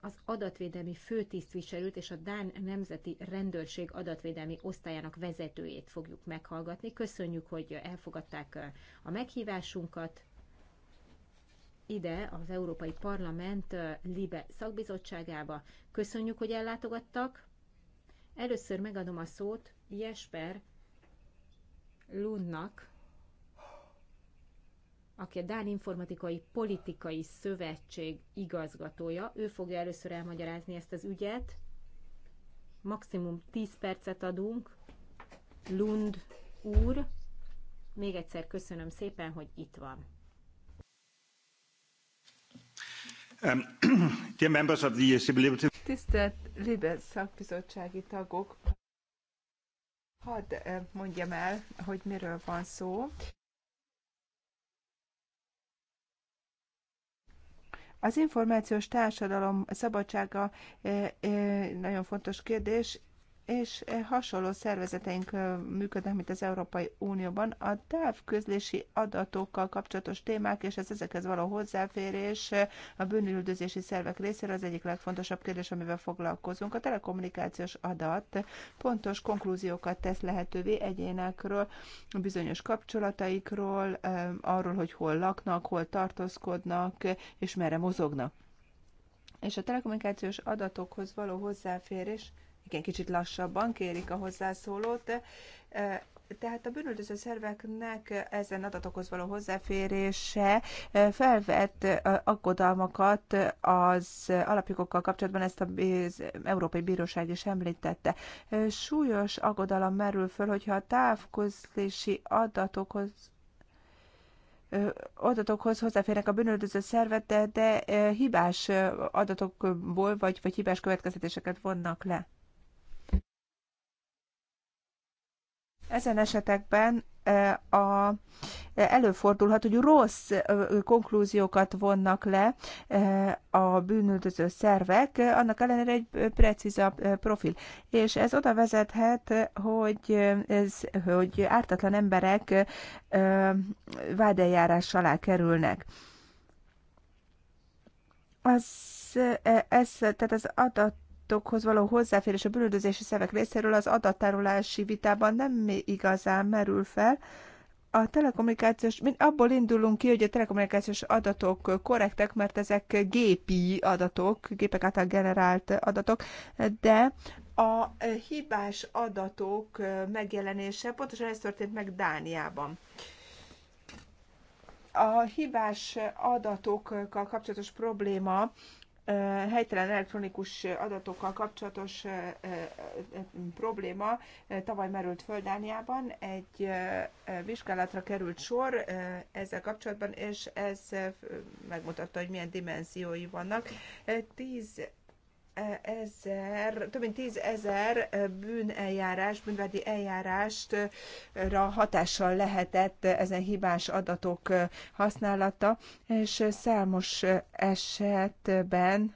az adatvédelmi főtisztviselőt és a Dán Nemzeti Rendőrség adatvédelmi osztályának vezetőjét fogjuk meghallgatni. Köszönjük, hogy elfogadták uh, a meghívásunkat ide az Európai Parlament uh, Libe szakbizottságába. Köszönjük, hogy ellátogattak. Először megadom a szót Jesper Lundnak, aki a Dán Informatikai Politikai Szövetség igazgatója. Ő fogja először elmagyarázni ezt az ügyet. Maximum 10 percet adunk. Lund úr, még egyszer köszönöm szépen, hogy itt van. Um, *clears throat* Tisztelt Libe szakbizottsági tagok, hadd eh, mondjam el, hogy miről van szó. Az információs társadalom szabadsága eh, eh, nagyon fontos kérdés, és eh, hasonló szervezeteink működnek, mint az Európai Unióban. A távközlési adatokkal kapcsolatos témák és az ezekhez való hozzáférés eh, a bűnüldözési szervek részéről az egyik legfontosabb kérdés, amivel foglalkozunk. A telekommunikációs adat pontos konklúziókat tesz lehetővé egyénekről, bizonyos kapcsolataikról, eh, arról, hogy hol laknak, hol tartózkodnak, és merre mozognak. És a telekommunikációs adatokhoz való hozzáférés igen, kicsit lassabban kérik a hozzászólót. Tehát a bűnöldöző szerveknek ezen adatokhoz való hozzáférése felvett aggodalmakat az alapjogokkal kapcsolatban, ezt az Európai Bíróság is említette. Súlyos aggodalom merül föl, hogyha a távközlési adatokhoz adatokhoz hozzáférnek a bűnöldöző szervet, de, de hibás adatokból vagy, vagy hibás következtetéseket vonnak le. Ezen esetekben e, a, e, előfordulhat, hogy rossz e, konklúziókat vonnak le a bűnöldöző szervek, annak ellenére egy precízabb profil. És ez oda vezethet, hogy, ez, hogy ártatlan emberek vádeljárás alá kerülnek. Az, ez, tehát az adat adatokhoz való hozzáférés a bűnöldözési szervek részéről az adattárolási vitában nem igazán merül fel. A telekommunikációs, abból indulunk ki, hogy a telekommunikációs adatok korrektek, mert ezek gépi adatok, gépek által generált adatok, de a hibás adatok megjelenése pontosan ez történt meg Dániában a hibás adatokkal kapcsolatos probléma helytelen elektronikus adatokkal kapcsolatos probléma tavaly merült föl Dániában. Egy vizsgálatra került sor ezzel kapcsolatban, és ez megmutatta, hogy milyen dimenziói vannak. Tíz ezer, több mint tízezer bűneljárás, bűnvádi eljárást, hatással lehetett ezen hibás adatok használata, és számos esetben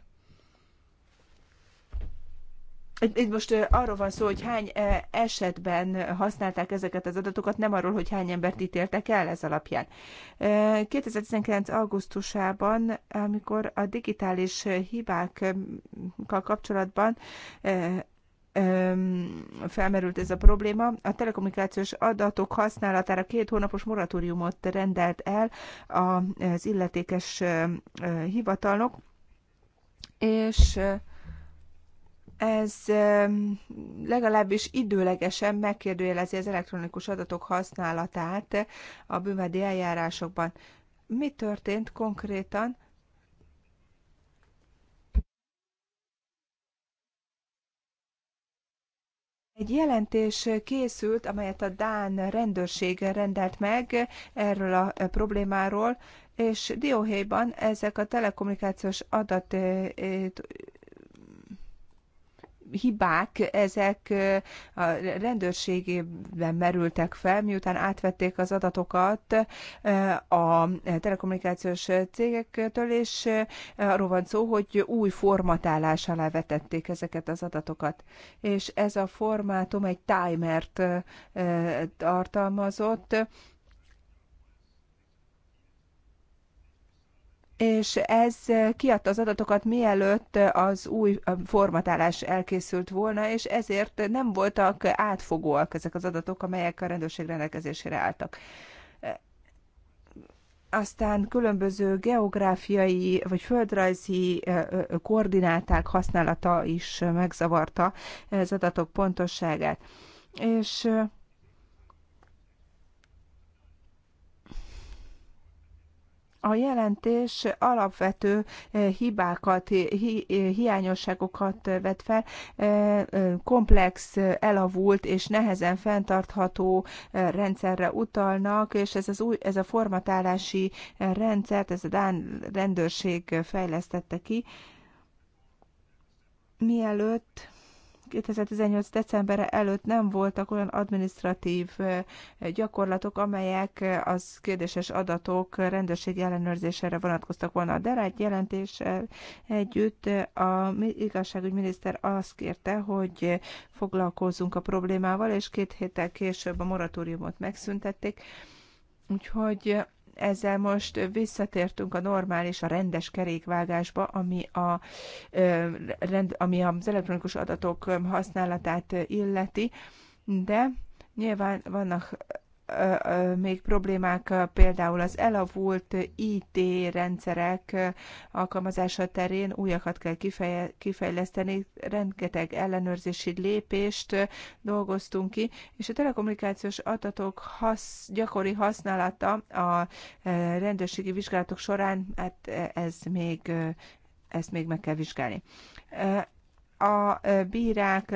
itt most arról van szó, hogy hány esetben használták ezeket az adatokat, nem arról, hogy hány embert ítéltek el ez alapján. 2019. augusztusában, amikor a digitális hibákkal kapcsolatban felmerült ez a probléma. A telekommunikációs adatok használatára két hónapos moratóriumot rendelt el az illetékes hivatalnok, és ez legalábbis időlegesen megkérdőjelezi az elektronikus adatok használatát a bűnvádi eljárásokban. Mi történt konkrétan? Egy jelentés készült, amelyet a Dán rendőrség rendelt meg erről a problémáról, és Dióhéjban ezek a telekommunikációs adat hibák, ezek a rendőrségében merültek fel, miután átvették az adatokat a telekommunikációs cégektől, és arról van szó, hogy új formatálás alá vetették ezeket az adatokat. És ez a formátum egy timert tartalmazott, és ez kiadta az adatokat mielőtt az új formatálás elkészült volna, és ezért nem voltak átfogóak ezek az adatok, amelyek a rendőrség rendelkezésére álltak aztán különböző geográfiai vagy földrajzi koordináták használata is megzavarta az adatok pontosságát. És A jelentés alapvető eh, hibákat, hiányosságokat eh, vet fel, eh, komplex, elavult és nehezen fenntartható rendszerre utalnak, és ez, az új, ez a formatálási rendszert, ez a Dán rendőrség fejlesztette ki, mielőtt 2018. decemberre előtt nem voltak olyan administratív gyakorlatok, amelyek az kérdéses adatok rendőrségi ellenőrzésére vonatkoztak volna. A egy jelentéssel együtt a igazságügyminiszter azt kérte, hogy foglalkozzunk a problémával, és két héttel később a moratóriumot megszüntették. Úgyhogy ezzel most visszatértünk a normális, a rendes kerékvágásba, ami, a, rend, ami az elektronikus adatok használatát illeti, de nyilván vannak még problémák, például az elavult IT rendszerek alkalmazása terén újakat kell kifeje, kifejleszteni, rengeteg ellenőrzési lépést dolgoztunk ki, és a telekommunikációs adatok hasz, gyakori használata a rendőrségi vizsgálatok során, hát ez még, ezt még meg kell vizsgálni. A bírák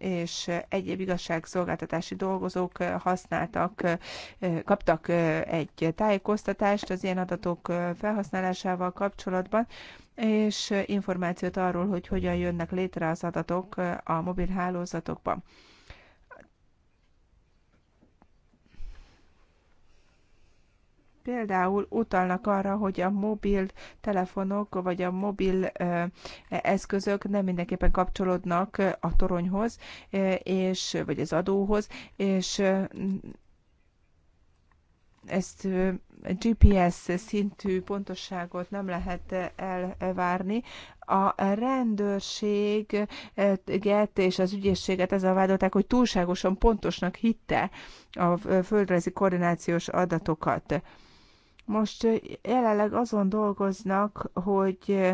és egyéb igazságszolgáltatási dolgozók eh, használtak, eh, eh, kaptak egy tájékoztatást az ilyen adatok felhasználásával kapcsolatban, és információt arról, hogy hogyan jönnek létre az adatok a mobil hálózatokban. Például utalnak arra, hogy a mobil telefonok vagy a mobil eszközök nem mindenképpen kapcsolódnak a toronyhoz, és, vagy az adóhoz, és ezt GPS szintű pontosságot nem lehet elvárni. A rendőrséget és az ügyészséget ezzel vádolták, hogy túlságosan pontosnak hitte a földrajzi koordinációs adatokat. Most jelenleg azon dolgoznak, hogy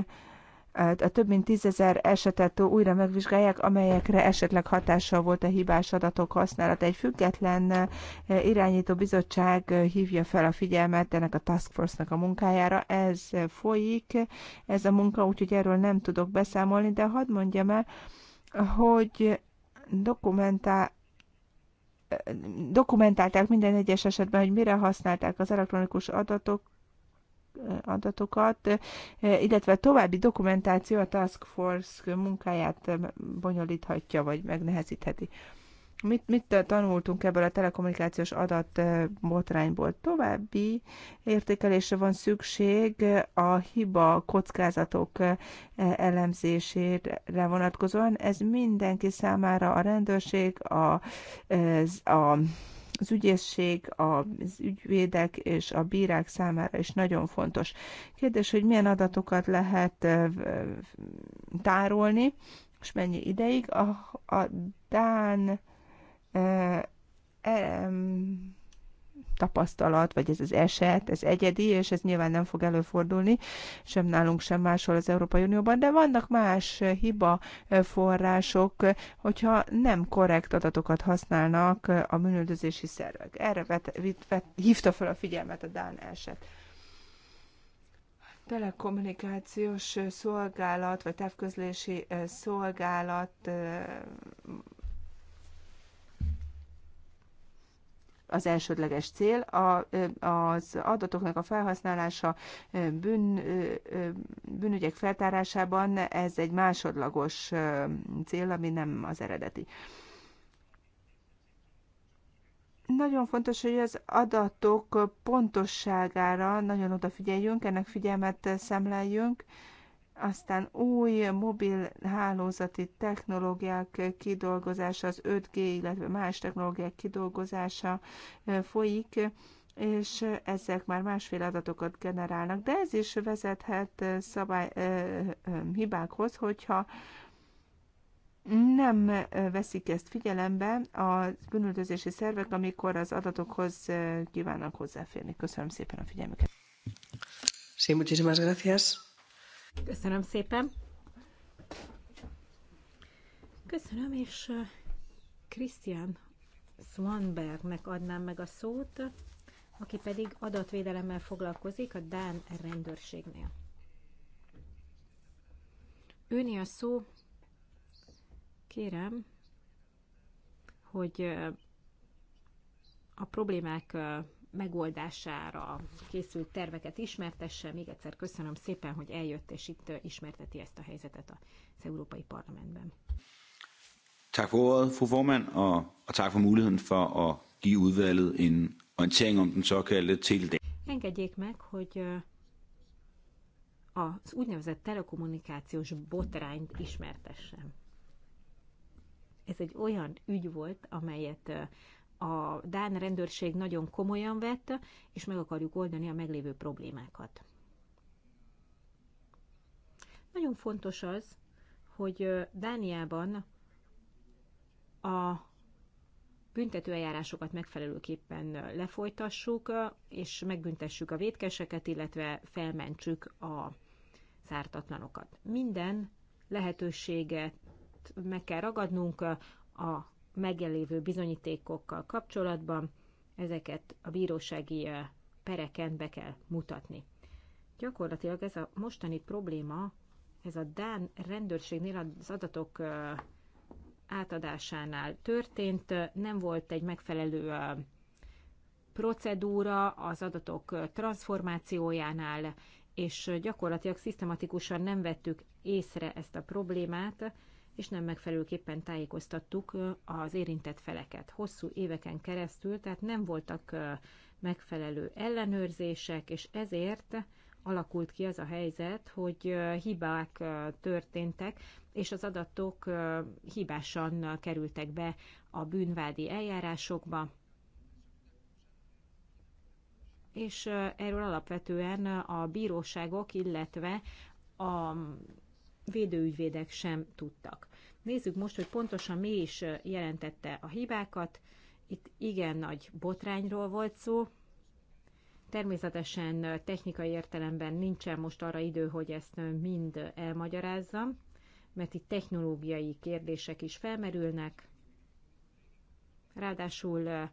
hát a több mint tízezer esetet újra megvizsgálják, amelyekre esetleg hatással volt a hibás adatok használata. Egy független irányító bizottság hívja fel a figyelmet ennek a task force-nak a munkájára. Ez folyik, ez a munka, úgyhogy erről nem tudok beszámolni, de hadd mondjam el, hogy dokumentál, dokumentálták minden egyes esetben, hogy mire használták az elektronikus adatok, adatokat, illetve további dokumentáció a Task Force munkáját bonyolíthatja, vagy megnehezítheti. Mit, mit tanultunk ebből a telekommunikációs adat botrányból? További értékelésre van szükség a hiba kockázatok elemzésére vonatkozóan. Ez mindenki számára a rendőrség, a, a az ügyészség, az ügyvédek és a bírák számára is nagyon fontos. Kérdés, hogy milyen adatokat lehet tárolni, és mennyi ideig. A, a Dán E, tapasztalat, vagy ez az eset, ez egyedi, és ez nyilván nem fog előfordulni, sem nálunk, sem máshol az Európai Unióban, de vannak más hiba források, hogyha nem korrekt adatokat használnak a bűnöldözési szervek. Erre vet, vet, vet, hívta fel a figyelmet a Dán eset telekommunikációs szolgálat, vagy távközlési szolgálat az elsődleges cél. A, az adatoknak a felhasználása bűn, bűnügyek feltárásában ez egy másodlagos cél, ami nem az eredeti. Nagyon fontos, hogy az adatok pontosságára nagyon odafigyeljünk, ennek figyelmet szemleljünk aztán új mobil hálózati technológiák kidolgozása, az 5G, illetve más technológiák kidolgozása folyik, és ezek már másfél adatokat generálnak, de ez is vezethet szabály, hibákhoz, hogyha nem veszik ezt figyelembe a bűnöldözési szervek, amikor az adatokhoz kívánnak hozzáférni. Köszönöm szépen a figyelmüket. Sí, muchísimas gracias. Köszönöm szépen. Köszönöm, és Krisztián Swanbergnek adnám meg a szót, aki pedig adatvédelemmel foglalkozik a Dán rendőrségnél. Őni a szó, kérem, hogy a problémák megoldására készült terveket ismertesse. Még egyszer köszönöm szépen, hogy eljött és itt ismerteti ezt a helyzetet az Európai Parlamentben. Tak for ordet, fru formand, og, og tak for muligheden for at give udvalget en orientering om den såkaldte teledag. Engedjék meg, hogy az úgynevezett telekommunikációs botrányt ismertessem. Ez egy olyan ügy volt, amelyet a Dán rendőrség nagyon komolyan vette, és meg akarjuk oldani a meglévő problémákat. Nagyon fontos az, hogy Dániában a büntetőeljárásokat megfelelőképpen lefolytassuk, és megbüntessük a vétkeseket, illetve felmentsük a zártatlanokat. Minden lehetőséget meg kell ragadnunk a megjelévő bizonyítékokkal kapcsolatban ezeket a bírósági pereken be kell mutatni. Gyakorlatilag ez a mostani probléma, ez a Dán rendőrségnél az adatok átadásánál történt, nem volt egy megfelelő procedúra az adatok transformációjánál, és gyakorlatilag szisztematikusan nem vettük észre ezt a problémát, és nem megfelelőképpen tájékoztattuk az érintett feleket. Hosszú éveken keresztül, tehát nem voltak megfelelő ellenőrzések, és ezért alakult ki az a helyzet, hogy hibák történtek, és az adatok hibásan kerültek be a bűnvádi eljárásokba. És erről alapvetően a bíróságok, illetve a védőügyvédek sem tudtak. Nézzük most, hogy pontosan mi is jelentette a hibákat. Itt igen nagy botrányról volt szó. Természetesen technikai értelemben nincsen most arra idő, hogy ezt mind elmagyarázzam, mert itt technológiai kérdések is felmerülnek. Ráadásul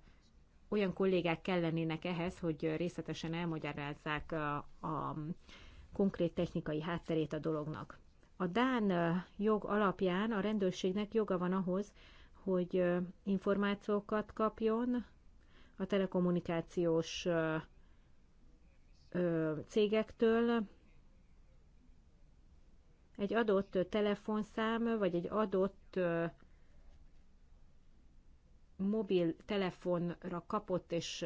olyan kollégák kellenének ehhez, hogy részletesen elmagyarázzák a, a konkrét technikai hátterét a dolognak. A Dán jog alapján a rendőrségnek joga van ahhoz, hogy információkat kapjon a telekommunikációs cégektől, egy adott telefonszám, vagy egy adott mobiltelefonra kapott és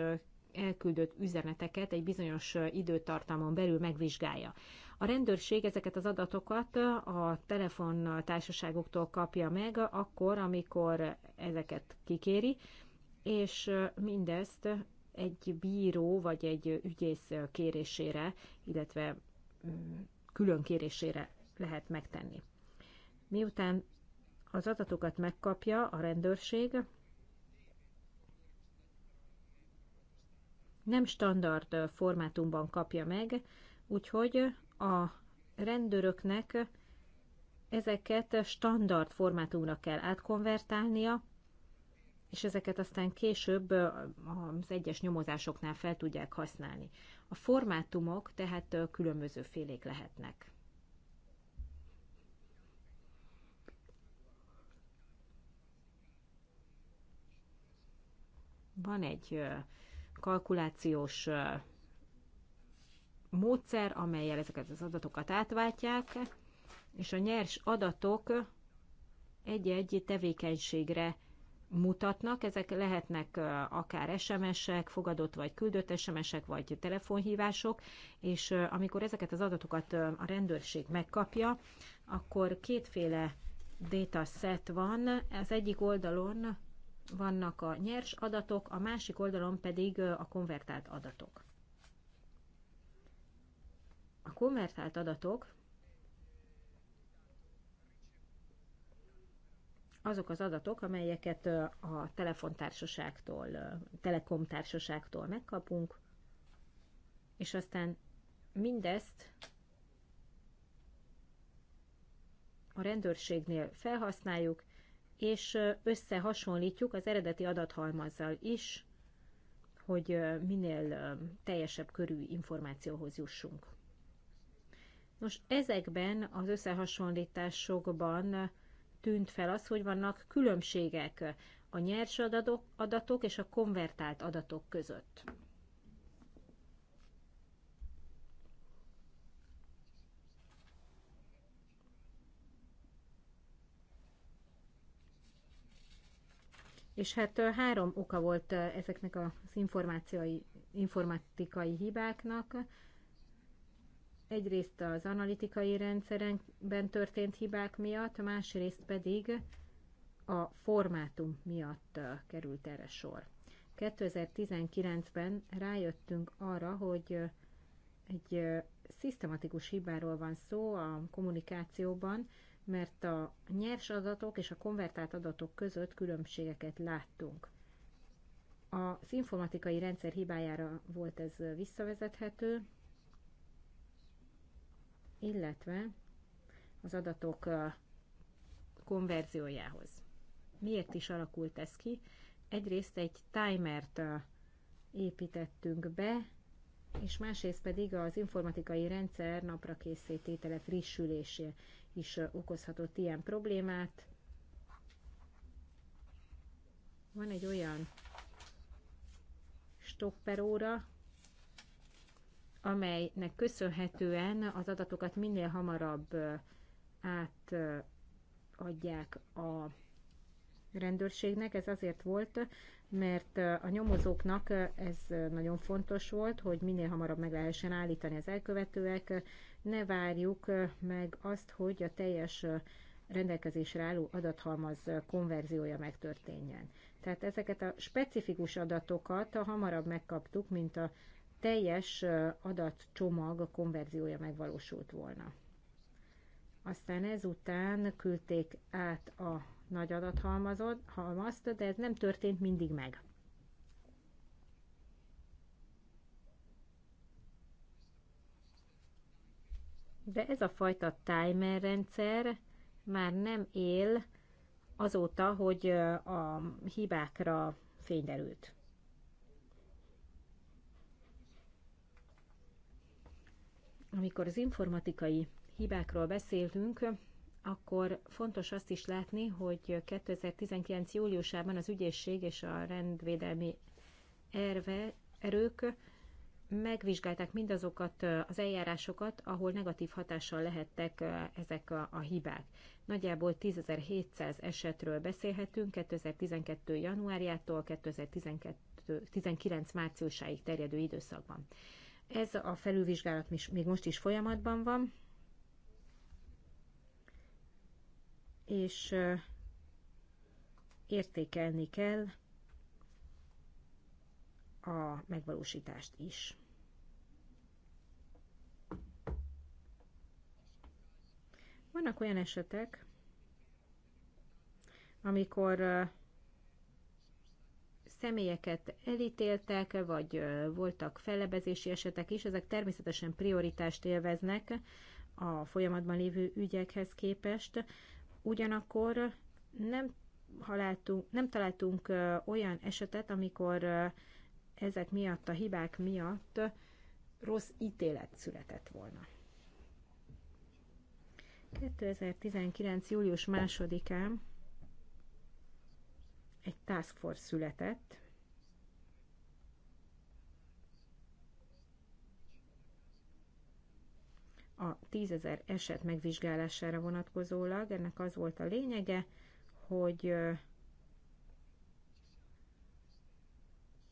elküldött üzeneteket egy bizonyos időtartamon belül megvizsgálja. A rendőrség ezeket az adatokat a telefontársaságoktól kapja meg, akkor, amikor ezeket kikéri, és mindezt egy bíró vagy egy ügyész kérésére, illetve mm, külön kérésére lehet megtenni. Miután az adatokat megkapja a rendőrség, nem standard formátumban kapja meg, úgyhogy a rendőröknek ezeket standard formátumra kell átkonvertálnia, és ezeket aztán később az egyes nyomozásoknál fel tudják használni. A formátumok tehát különböző félék lehetnek. Van egy kalkulációs módszer, amelyel ezeket az adatokat átváltják, és a nyers adatok egy-egy tevékenységre mutatnak, ezek lehetnek akár SMS-ek, fogadott vagy küldött SMS-ek, vagy telefonhívások, és amikor ezeket az adatokat a rendőrség megkapja, akkor kétféle dataset van. Az egyik oldalon vannak a nyers adatok, a másik oldalon pedig a konvertált adatok. A konvertált adatok azok az adatok, amelyeket a telefontársaságtól, telekomtársaságtól megkapunk, és aztán mindezt a rendőrségnél felhasználjuk, és összehasonlítjuk az eredeti adathalmazzal is, hogy minél teljesebb körű információhoz jussunk. Nos, ezekben az összehasonlításokban tűnt fel az, hogy vannak különbségek a nyers adatok, adatok és a konvertált adatok között. És hát három oka volt ezeknek az információi, informatikai hibáknak egyrészt az analitikai rendszerenben történt hibák miatt, másrészt pedig a formátum miatt került erre sor. 2019-ben rájöttünk arra, hogy egy szisztematikus hibáról van szó a kommunikációban, mert a nyers adatok és a konvertált adatok között különbségeket láttunk. Az informatikai rendszer hibájára volt ez visszavezethető, illetve az adatok konverziójához. Miért is alakult ez ki? Egyrészt egy timert építettünk be, és másrészt pedig az informatikai rendszer napra készítétele frissülésé is okozhatott ilyen problémát. Van egy olyan stopperóra, amelynek köszönhetően az adatokat minél hamarabb átadják a rendőrségnek. Ez azért volt, mert a nyomozóknak ez nagyon fontos volt, hogy minél hamarabb meg lehessen állítani az elkövetőek. Ne várjuk meg azt, hogy a teljes rendelkezésre álló adathalmaz konverziója megtörténjen. Tehát ezeket a specifikus adatokat hamarabb megkaptuk, mint a teljes adatcsomag a konverziója megvalósult volna. Aztán ezután küldték át a nagy adathalmazt, de ez nem történt mindig meg. De ez a fajta timer rendszer már nem él azóta, hogy a hibákra fényderült. amikor az informatikai hibákról beszélünk, akkor fontos azt is látni, hogy 2019. júliusában az ügyészség és a rendvédelmi erve, erők megvizsgálták mindazokat az eljárásokat, ahol negatív hatással lehettek ezek a, a hibák. Nagyjából 10.700 esetről beszélhetünk 2012. januárjától 2019. márciusáig terjedő időszakban. Ez a felülvizsgálat még most is folyamatban van, és értékelni kell a megvalósítást is. Vannak olyan esetek, amikor személyeket elítéltek, vagy voltak fellebezési esetek is, ezek természetesen prioritást élveznek a folyamatban lévő ügyekhez képest. Ugyanakkor nem, haláltunk, nem találtunk olyan esetet, amikor ezek miatt, a hibák miatt rossz ítélet született volna. 2019. július másodikán egy task force született, a tízezer eset megvizsgálására vonatkozólag. Ennek az volt a lényege, hogy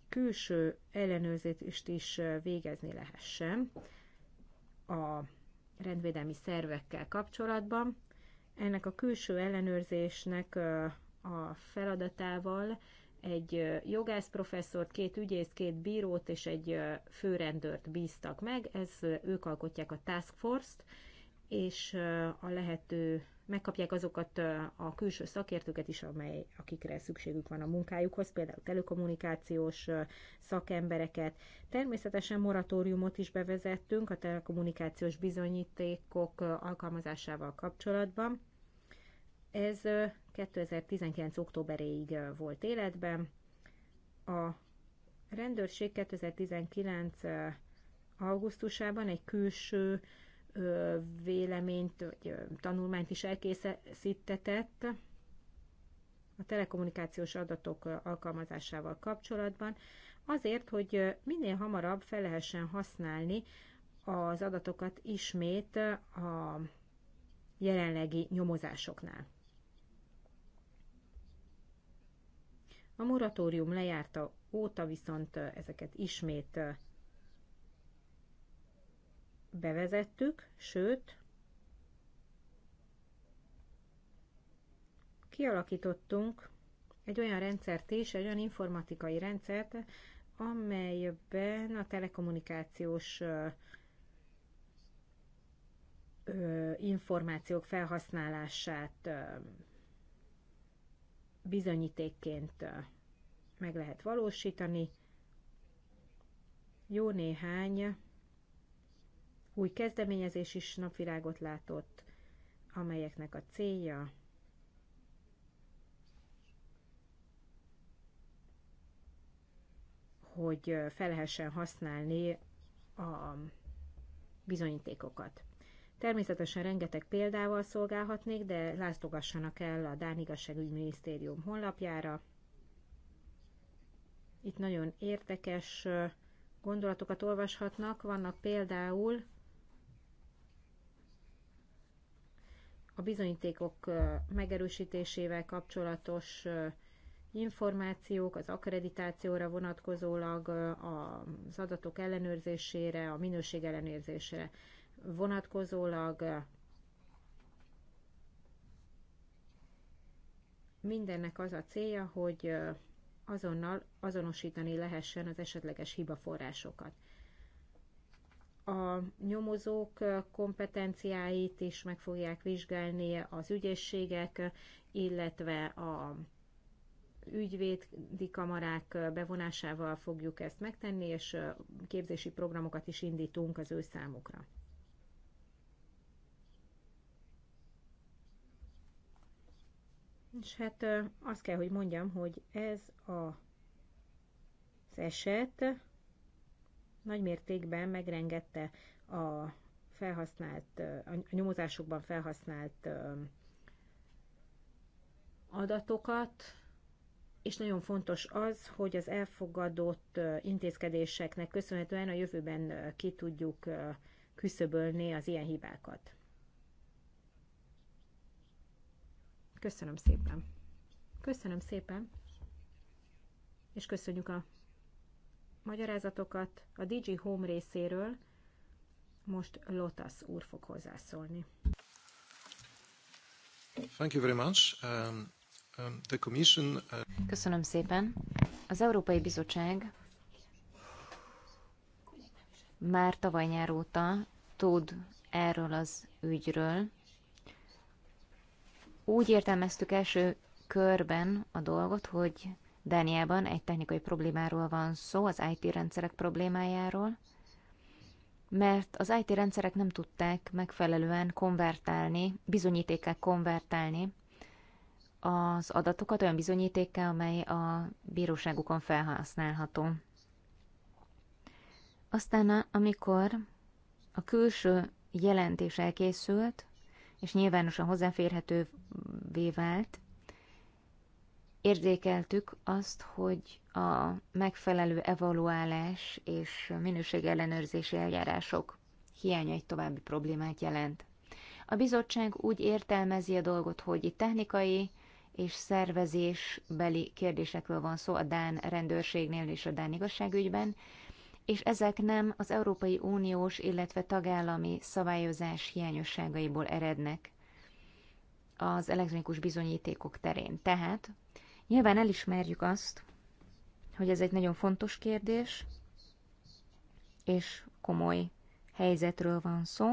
külső ellenőrzést is végezni lehessen a rendvédelmi szervekkel kapcsolatban. Ennek a külső ellenőrzésnek a feladatával egy jogász professzort, két ügyészt, két bírót és egy főrendőrt bíztak meg. Ez ők alkotják a task force-t, és a lehető megkapják azokat a külső szakértőket is, amely, akikre szükségük van a munkájukhoz, például telekommunikációs szakembereket. Természetesen moratóriumot is bevezettünk a telekommunikációs bizonyítékok alkalmazásával kapcsolatban. Ez 2019. októberéig volt életben. A rendőrség 2019. augusztusában egy külső véleményt, vagy tanulmányt is elkészítetett a telekommunikációs adatok alkalmazásával kapcsolatban, azért, hogy minél hamarabb fel lehessen használni az adatokat ismét a jelenlegi nyomozásoknál. A moratórium lejárta óta viszont ezeket ismét bevezettük, sőt, kialakítottunk egy olyan rendszert is, egy olyan informatikai rendszert, amelyben a telekommunikációs információk felhasználását bizonyítékként meg lehet valósítani. Jó néhány új kezdeményezés is napvilágot látott, amelyeknek a célja hogy fel lehessen használni a bizonyítékokat. Természetesen rengeteg példával szolgálhatnék, de látogassanak el a Dán Minisztérium honlapjára. Itt nagyon érdekes gondolatokat olvashatnak. Vannak például a bizonyítékok megerősítésével kapcsolatos információk, az akkreditációra vonatkozólag, az adatok ellenőrzésére, a minőség ellenőrzésére vonatkozólag mindennek az a célja, hogy azonnal azonosítani lehessen az esetleges hibaforrásokat. A nyomozók kompetenciáit is meg fogják vizsgálni az ügyészségek, illetve a ügyvédi kamarák bevonásával fogjuk ezt megtenni, és képzési programokat is indítunk az ő számukra. És hát azt kell, hogy mondjam, hogy ez a, az eset nagy mértékben megrengette a felhasznált, a nyomozásokban felhasznált adatokat, és nagyon fontos az, hogy az elfogadott intézkedéseknek köszönhetően a jövőben ki tudjuk küszöbölni az ilyen hibákat. Köszönöm szépen. Köszönöm szépen. És köszönjük a magyarázatokat a Digi Home részéről. Most Lotus úr fog hozzászólni. Thank you very much. Um, um, the commission, uh... Köszönöm szépen. Az Európai Bizottság már tavaly nyár óta tud erről az ügyről, úgy értelmeztük első körben a dolgot, hogy Dániában egy technikai problémáról van szó, az IT rendszerek problémájáról, mert az IT rendszerek nem tudták megfelelően konvertálni, bizonyítékkel konvertálni az adatokat olyan bizonyítékkel, amely a bíróságukon felhasználható. Aztán, amikor a külső jelentés elkészült, és nyilvánosan hozzáférhetővé vált, érzékeltük azt, hogy a megfelelő evaluálás és minőségellenőrzési eljárások hiánya egy további problémát jelent. A bizottság úgy értelmezi a dolgot, hogy itt technikai és szervezésbeli kérdésekről van szó a Dán rendőrségnél és a Dán igazságügyben, és ezek nem az Európai Uniós, illetve tagállami szabályozás hiányosságaiból erednek az elektronikus bizonyítékok terén. Tehát nyilván elismerjük azt, hogy ez egy nagyon fontos kérdés, és komoly helyzetről van szó.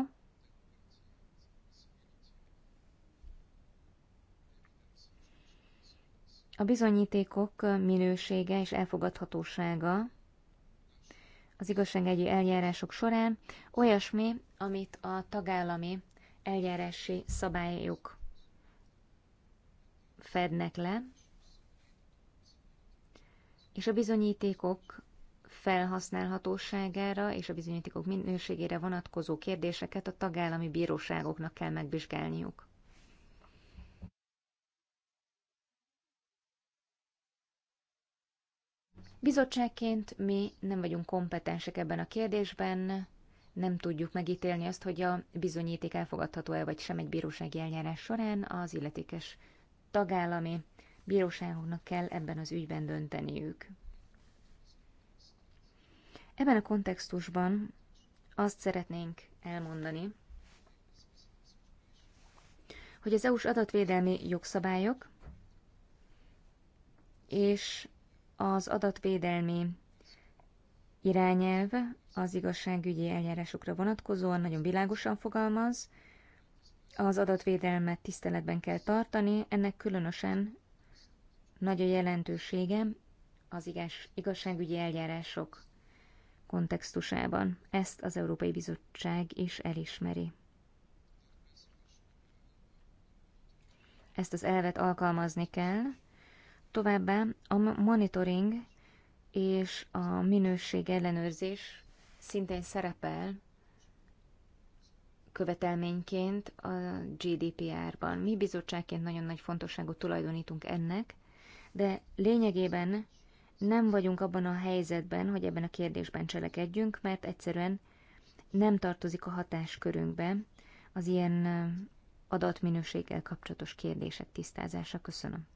A bizonyítékok minősége és elfogadhatósága az igazságegyi eljárások során olyasmi, amit a tagállami eljárási szabályok fednek le, és a bizonyítékok felhasználhatóságára és a bizonyítékok minőségére vonatkozó kérdéseket a tagállami bíróságoknak kell megvizsgálniuk. Bizottságként mi nem vagyunk kompetensek ebben a kérdésben, nem tudjuk megítélni azt, hogy a bizonyíték elfogadható-e vagy sem egy bírósági eljárás során, az illetékes tagállami bíróságoknak kell ebben az ügyben dönteniük. Ebben a kontextusban azt szeretnénk elmondani, hogy az EU-s adatvédelmi jogszabályok és az adatvédelmi irányelv az igazságügyi eljárásokra vonatkozóan nagyon világosan fogalmaz, az adatvédelmet tiszteletben kell tartani, ennek különösen nagy a jelentősége az igazságügyi eljárások kontextusában. Ezt az Európai Bizottság is elismeri. Ezt az elvet alkalmazni kell, Továbbá a monitoring és a minőség ellenőrzés szintén szerepel követelményként a GDPR-ban. Mi bizottságként nagyon nagy fontosságot tulajdonítunk ennek, de lényegében nem vagyunk abban a helyzetben, hogy ebben a kérdésben cselekedjünk, mert egyszerűen nem tartozik a hatáskörünkbe az ilyen adatminőséggel kapcsolatos kérdések tisztázása. Köszönöm.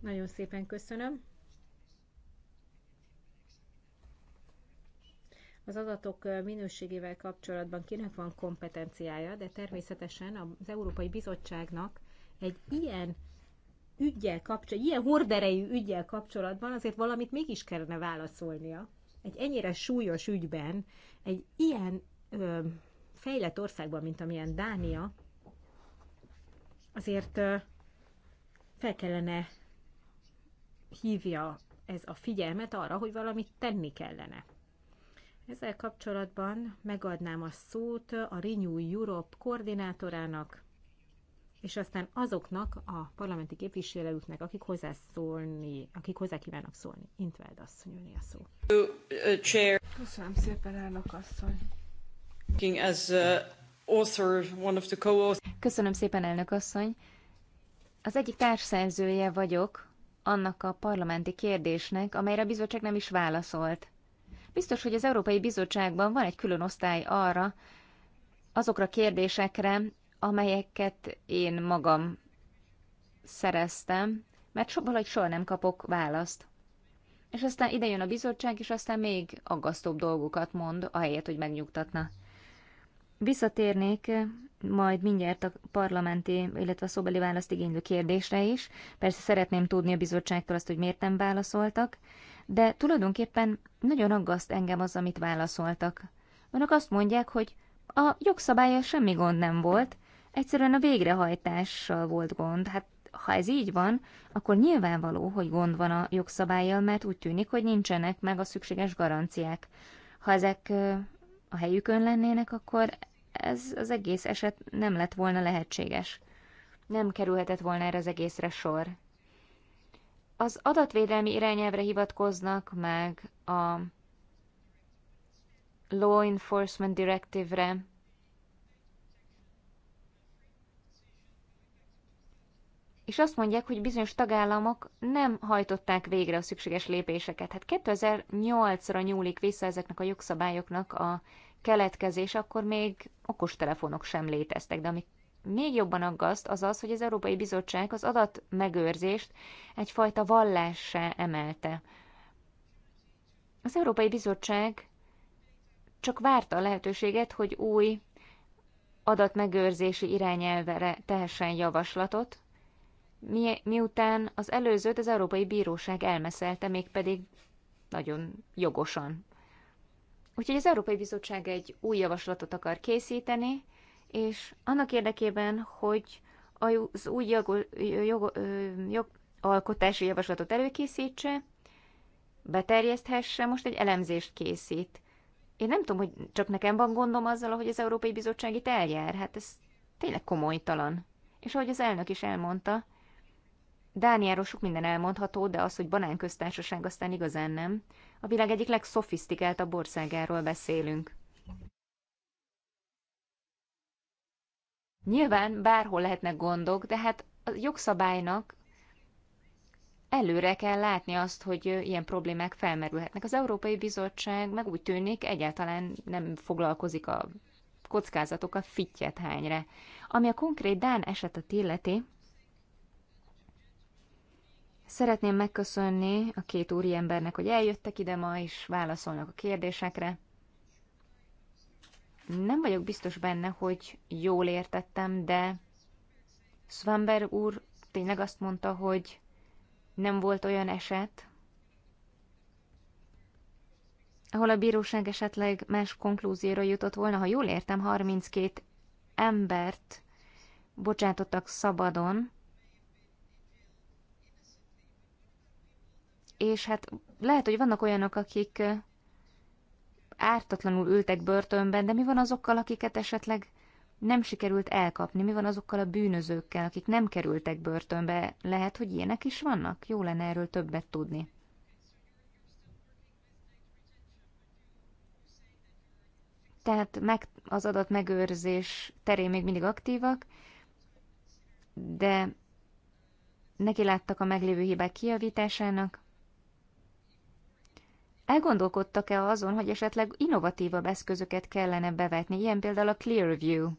Nagyon szépen köszönöm. Az adatok minőségével kapcsolatban kinek van kompetenciája, de természetesen az Európai Bizottságnak egy ilyen ügyel kapcsolatban, ilyen horderejű ügyel kapcsolatban azért valamit mégis kellene válaszolnia. Egy ennyire súlyos ügyben, egy ilyen ö, fejlett országban, mint amilyen Dánia, azért fel kellene hívja ez a figyelmet arra, hogy valamit tenni kellene. Ezzel kapcsolatban megadnám a szót a Renew Europe koordinátorának, és aztán azoknak a parlamenti képviselőknek, akik hozzászólni, akik hozzá kívánnak szólni. Intveld asszony, a szó. Köszönöm szépen, elnök asszony. As, uh, author, one of the co Köszönöm szépen, elnök asszony. Az egyik társszerzője vagyok annak a parlamenti kérdésnek, amelyre a bizottság nem is válaszolt. Biztos, hogy az Európai Bizottságban van egy külön osztály arra, azokra kérdésekre, amelyeket én magam szereztem, mert so, valahogy soha nem kapok választ. És aztán ide jön a bizottság, és aztán még aggasztóbb dolgokat mond, ahelyett, hogy megnyugtatna. Visszatérnék majd mindjárt a parlamenti, illetve a szóbeli választ igénylő kérdésre is. Persze szeretném tudni a bizottságtól azt, hogy miért nem válaszoltak, de tulajdonképpen nagyon aggaszt engem az, amit válaszoltak. Önök azt mondják, hogy a jogszabálya semmi gond nem volt, egyszerűen a végrehajtással volt gond. Hát ha ez így van, akkor nyilvánvaló, hogy gond van a jogszabályjal, mert úgy tűnik, hogy nincsenek meg a szükséges garanciák. Ha ezek a helyükön lennének, akkor ez az egész eset nem lett volna lehetséges. Nem kerülhetett volna erre az egészre sor. Az adatvédelmi irányelvre hivatkoznak meg a Law Enforcement Directive-re, és azt mondják, hogy bizonyos tagállamok nem hajtották végre a szükséges lépéseket. Hát 2008-ra nyúlik vissza ezeknek a jogszabályoknak a keletkezés, akkor még okostelefonok sem léteztek, de ami még jobban aggaszt az az, hogy az Európai Bizottság az adatmegőrzést egyfajta vallássá emelte. Az Európai Bizottság csak várta a lehetőséget, hogy új adatmegőrzési irányelvere tehessen javaslatot, mi, miután az előzőt az Európai Bíróság elmeszelte, mégpedig nagyon jogosan. Úgyhogy az Európai Bizottság egy új javaslatot akar készíteni, és annak érdekében, hogy az új jog, jog, jogalkotási javaslatot előkészítse, beterjeszthesse, most egy elemzést készít. Én nem tudom, hogy csak nekem van gondom azzal, hogy az Európai Bizottság itt eljár. Hát ez tényleg komolytalan. És ahogy az elnök is elmondta, Dániáról sok minden elmondható, de az, hogy banánköztársaság aztán igazán nem. A világ egyik legszofisztikáltabb országáról beszélünk. Nyilván bárhol lehetnek gondok, de hát a jogszabálynak előre kell látni azt, hogy ilyen problémák felmerülhetnek. Az Európai Bizottság meg úgy tűnik egyáltalán nem foglalkozik a kockázatokkal fittyet hányra. Ami a konkrét Dán esetet illeti, Szeretném megköszönni a két úriembernek, hogy eljöttek ide ma, és válaszolnak a kérdésekre. Nem vagyok biztos benne, hogy jól értettem, de Svamber úr tényleg azt mondta, hogy nem volt olyan eset, ahol a bíróság esetleg más konklúzióra jutott volna. Ha jól értem, 32 embert bocsátottak szabadon, és hát lehet, hogy vannak olyanok, akik ártatlanul ültek börtönben, de mi van azokkal, akiket esetleg nem sikerült elkapni? Mi van azokkal a bűnözőkkel, akik nem kerültek börtönbe? Lehet, hogy ilyenek is vannak? Jó lenne erről többet tudni. Tehát meg, az adat megőrzés terén még mindig aktívak, de neki láttak a meglévő hibák kijavításának, Elgondolkodtak-e azon, hogy esetleg innovatívabb eszközöket kellene bevetni, ilyen például a Clearview,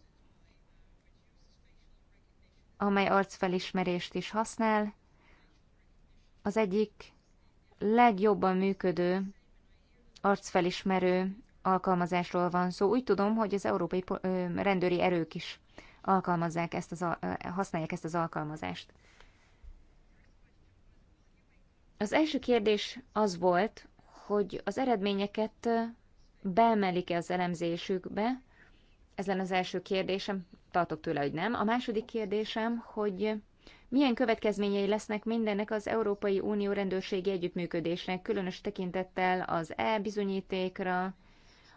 amely arcfelismerést is használ, az egyik legjobban működő arcfelismerő alkalmazásról van szó. Úgy tudom, hogy az európai rendőri erők is alkalmazzák ezt az, használják ezt az alkalmazást. Az első kérdés az volt, hogy az eredményeket beemelik-e az elemzésükbe. Ez lenne az első kérdésem, tartok tőle, hogy nem. A második kérdésem, hogy milyen következményei lesznek mindennek az Európai Unió rendőrségi együttműködésnek, különös tekintettel az e-bizonyítékra,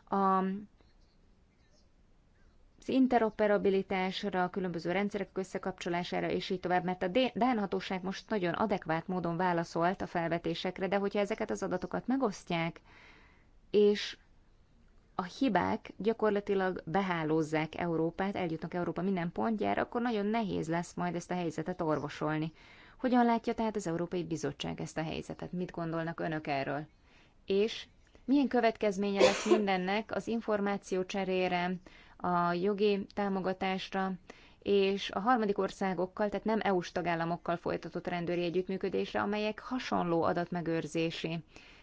a az interoperabilitásra, a különböző rendszerek összekapcsolására, és így tovább, mert a Dán hatóság most nagyon adekvát módon válaszolt a felvetésekre, de hogyha ezeket az adatokat megosztják, és a hibák gyakorlatilag behálózzák Európát, eljutnak Európa minden pontjára, akkor nagyon nehéz lesz majd ezt a helyzetet orvosolni. Hogyan látja tehát az Európai Bizottság ezt a helyzetet? Mit gondolnak önök erről? És milyen következménye lesz mindennek az információ cserére, a jogi támogatásra, és a harmadik országokkal, tehát nem EU-s tagállamokkal folytatott rendőri együttműködésre, amelyek hasonló adatmegőrzési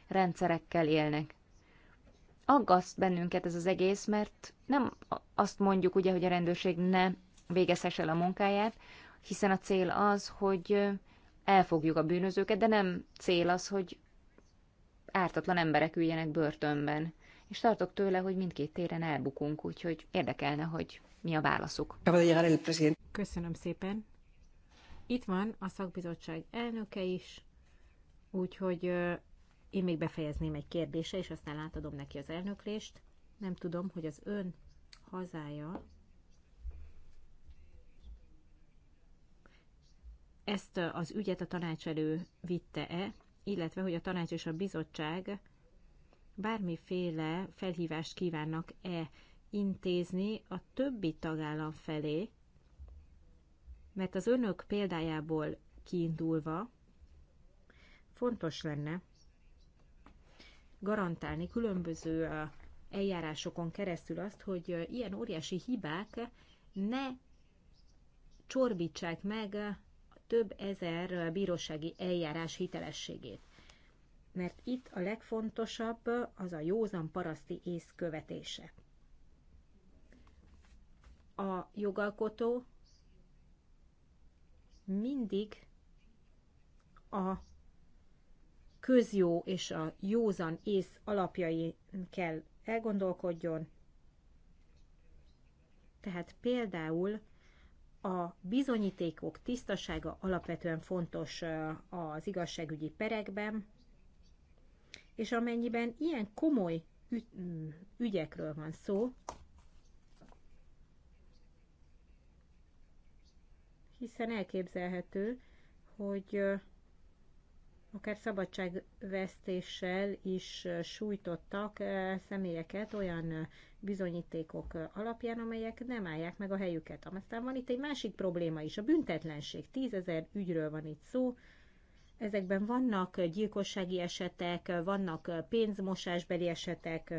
rendszerekkel élnek. Aggaszt bennünket ez az egész, mert nem azt mondjuk ugye, hogy a rendőrség ne végezhesse el a munkáját, hiszen a cél az, hogy elfogjuk a bűnözőket, de nem cél az, hogy ártatlan emberek üljenek börtönben és tartok tőle, hogy mindkét téren elbukunk, úgyhogy érdekelne, hogy mi a válaszuk. Köszönöm szépen. Itt van a szakbizottság elnöke is, úgyhogy én még befejezném egy kérdése, és aztán átadom neki az elnöklést. Nem tudom, hogy az ön hazája ezt az ügyet a tanács elő vitte-e, illetve hogy a tanács és a bizottság bármiféle felhívást kívánnak-e intézni a többi tagállam felé, mert az önök példájából kiindulva fontos lenne garantálni különböző eljárásokon keresztül azt, hogy ilyen óriási hibák ne csorbítsák meg több ezer bírósági eljárás hitelességét mert itt a legfontosabb az a józan paraszti ész követése. A jogalkotó mindig a közjó és a józan ész alapjain kell elgondolkodjon. Tehát például a bizonyítékok tisztasága alapvetően fontos az igazságügyi perekben, és amennyiben ilyen komoly ügyekről van szó, hiszen elképzelhető, hogy akár szabadságvesztéssel is sújtottak személyeket olyan bizonyítékok alapján, amelyek nem állják meg a helyüket. Aztán van itt egy másik probléma is, a büntetlenség. Tízezer ügyről van itt szó, Ezekben vannak gyilkossági esetek, vannak pénzmosásbeli esetek,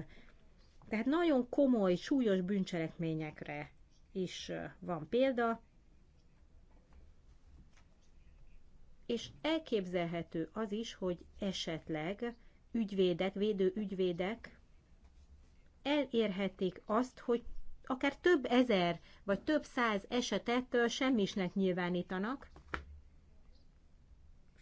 tehát nagyon komoly, súlyos bűncselekményekre is van példa. És elképzelhető az is, hogy esetleg ügyvédek, védő ügyvédek elérhetik azt, hogy akár több ezer vagy több száz esetet semmisnek nyilvánítanak,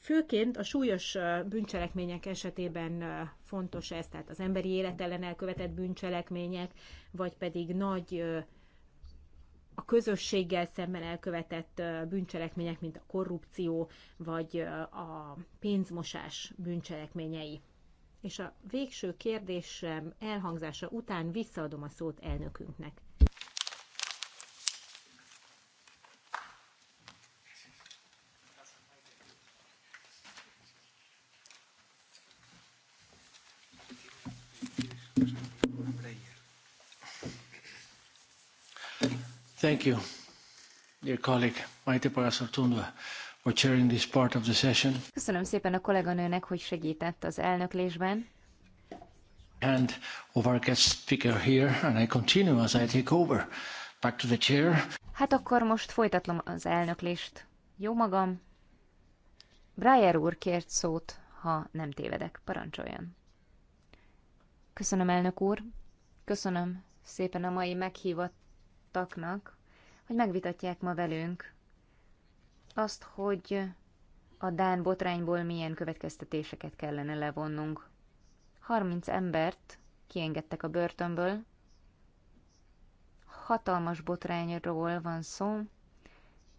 Főként a súlyos bűncselekmények esetében fontos ez, tehát az emberi élet ellen elkövetett bűncselekmények, vagy pedig nagy a közösséggel szemben elkövetett bűncselekmények, mint a korrupció, vagy a pénzmosás bűncselekményei. És a végső kérdésem elhangzása után visszaadom a szót elnökünknek. Thank you, dear colleague Maite Parasartundua for chairing this part of the session. Köszönöm szépen a kolléganőnek, hogy segített az elnöklésben. And of our guest speaker here, and I continue as I take over. Back to the chair. Hát akkor most folytatom az elnöklést. Jó magam. Breyer úr kért szót, ha nem tévedek. Parancsoljon. Köszönöm, elnök úr. Köszönöm szépen a mai meghívott taknak, hogy megvitatják ma velünk azt, hogy a Dán botrányból milyen következtetéseket kellene levonnunk. 30 embert kiengedtek a börtönből, hatalmas botrányról van szó,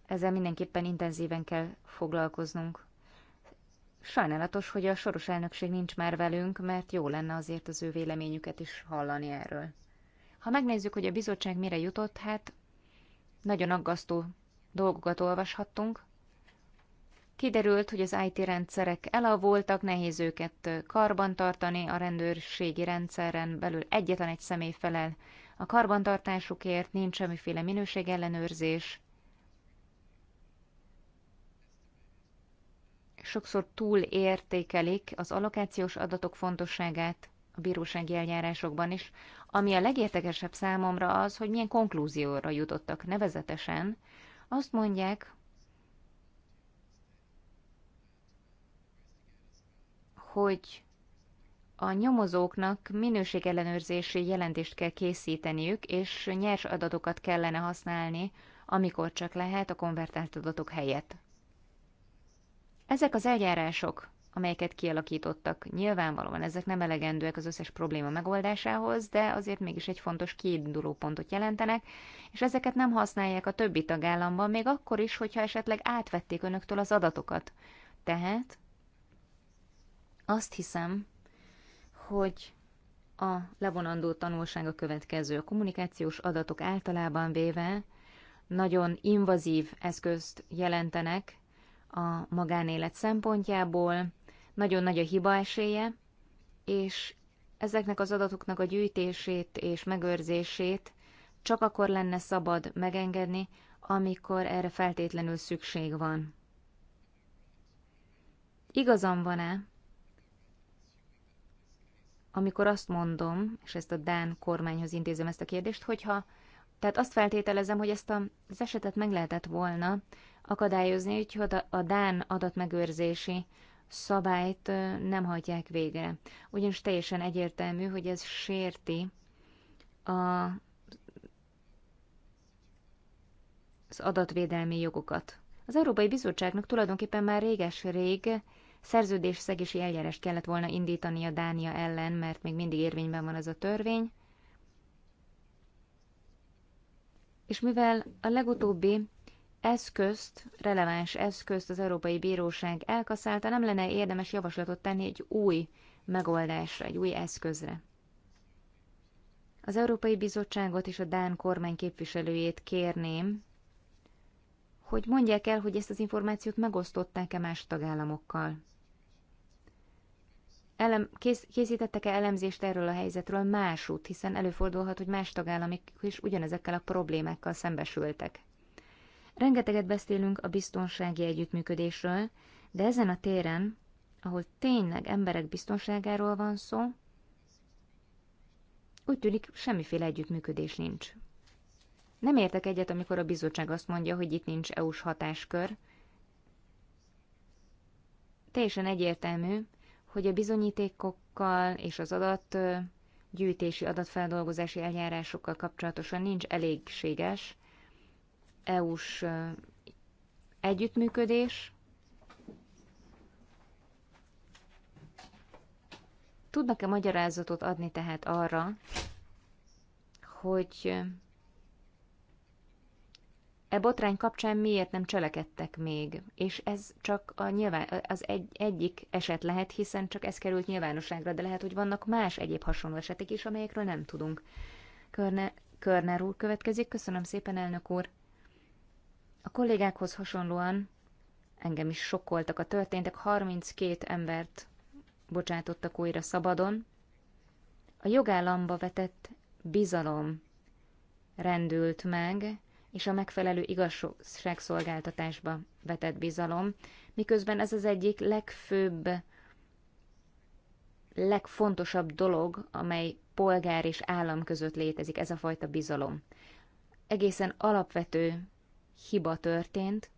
ezzel mindenképpen intenzíven kell foglalkoznunk. Sajnálatos, hogy a soros elnökség nincs már velünk, mert jó lenne azért az ő véleményüket is hallani erről. Ha megnézzük, hogy a bizottság mire jutott, hát nagyon aggasztó dolgokat olvashattunk. Kiderült, hogy az IT rendszerek elavultak, nehéz őket karbantartani, a rendőrségi rendszeren belül egyetlen egy személy felel a karbantartásukért, nincs semmiféle minőségellenőrzés, sokszor túl értékelik az allokációs adatok fontosságát, a bírósági eljárásokban is. Ami a legértekesebb számomra az, hogy milyen konklúzióra jutottak nevezetesen. Azt mondják, hogy a nyomozóknak minőségellenőrzési jelentést kell készíteniük, és nyers adatokat kellene használni, amikor csak lehet a konvertált adatok helyett. Ezek az eljárások amelyeket kialakítottak. Nyilvánvalóan ezek nem elegendőek az összes probléma megoldásához, de azért mégis egy fontos kiinduló pontot jelentenek, és ezeket nem használják a többi tagállamban, még akkor is, hogyha esetleg átvették önöktől az adatokat. Tehát azt hiszem, hogy a levonandó tanulság a következő. A kommunikációs adatok általában véve nagyon invazív eszközt jelentenek a magánélet szempontjából, nagyon nagy a hiba esélye, és ezeknek az adatoknak a gyűjtését és megőrzését csak akkor lenne szabad megengedni, amikor erre feltétlenül szükség van. Igazam van-e, amikor azt mondom, és ezt a Dán kormányhoz intézem ezt a kérdést, hogyha, tehát azt feltételezem, hogy ezt a, az esetet meg lehetett volna akadályozni, úgyhogy a Dán adatmegőrzési szabályt nem hagyják végre. Ugyanis teljesen egyértelmű, hogy ez sérti a, az adatvédelmi jogokat. Az Európai Bizottságnak tulajdonképpen már réges-rég szerződésszegési eljárást kellett volna indítani a Dánia ellen, mert még mindig érvényben van az a törvény. És mivel a legutóbbi eszközt, releváns eszközt az Európai Bíróság elkaszálta, nem lenne érdemes javaslatot tenni egy új megoldásra, egy új eszközre. Az Európai Bizottságot és a Dán kormány képviselőjét kérném, hogy mondják el, hogy ezt az információt megosztották-e más tagállamokkal. Elem, kész, készítettek-e elemzést erről a helyzetről másút, hiszen előfordulhat, hogy más tagállamok is ugyanezekkel a problémákkal szembesültek. Rengeteget beszélünk a biztonsági együttműködésről, de ezen a téren, ahol tényleg emberek biztonságáról van szó, úgy tűnik, semmiféle együttműködés nincs. Nem értek egyet, amikor a bizottság azt mondja, hogy itt nincs EU-s hatáskör. Teljesen egyértelmű, hogy a bizonyítékokkal és az adat gyűjtési adatfeldolgozási eljárásokkal kapcsolatosan nincs elégséges EU-s együttműködés. Tudnak-e magyarázatot adni tehát arra, hogy e botrány kapcsán miért nem cselekedtek még? És ez csak a nyilván, az egy, egyik eset lehet, hiszen csak ez került nyilvánosságra, de lehet, hogy vannak más egyéb hasonló esetek is, amelyekről nem tudunk. Körne, Körner úr következik. Köszönöm szépen, elnök úr! A kollégákhoz hasonlóan engem is sokkoltak a történtek, 32 embert bocsátottak újra szabadon. A jogállamba vetett bizalom rendült meg, és a megfelelő igazságszolgáltatásba vetett bizalom, miközben ez az egyik legfőbb, legfontosabb dolog, amely polgár és állam között létezik, ez a fajta bizalom. Egészen alapvető hiba történt,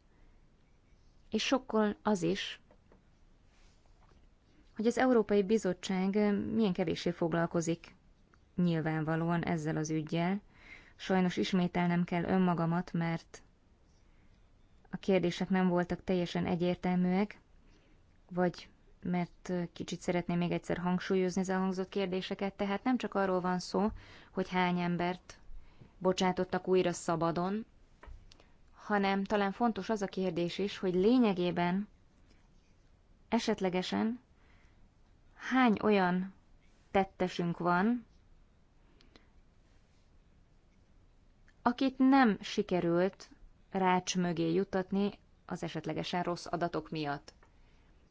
és sokkal az is, hogy az Európai Bizottság milyen kevéssé foglalkozik nyilvánvalóan ezzel az ügyjel. Sajnos ismételnem kell önmagamat, mert a kérdések nem voltak teljesen egyértelműek, vagy mert kicsit szeretném még egyszer hangsúlyozni az elhangzott kérdéseket, tehát nem csak arról van szó, hogy hány embert bocsátottak újra szabadon, hanem talán fontos az a kérdés is, hogy lényegében esetlegesen hány olyan tettesünk van, akit nem sikerült rács mögé jutatni az esetlegesen rossz adatok miatt.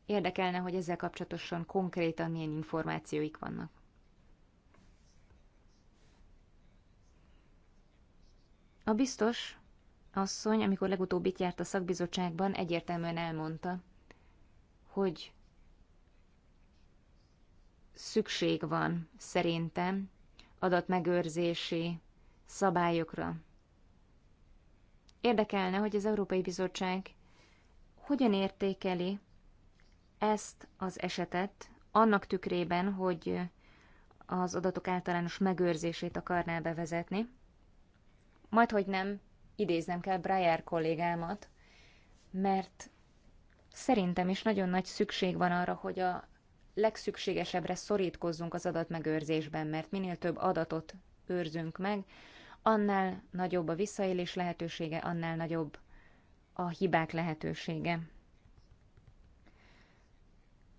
Érdekelne, hogy ezzel kapcsolatosan konkrétan milyen információik vannak. A biztos asszony, amikor legutóbb itt járt a szakbizottságban, egyértelműen elmondta, hogy szükség van szerintem adatmegőrzési szabályokra. Érdekelne, hogy az Európai Bizottság hogyan értékeli ezt az esetet annak tükrében, hogy az adatok általános megőrzését akarná bevezetni, majd hogy nem idéznem kell Breyer kollégámat, mert szerintem is nagyon nagy szükség van arra, hogy a legszükségesebbre szorítkozzunk az adatmegőrzésben, mert minél több adatot őrzünk meg, annál nagyobb a visszaélés lehetősége, annál nagyobb a hibák lehetősége.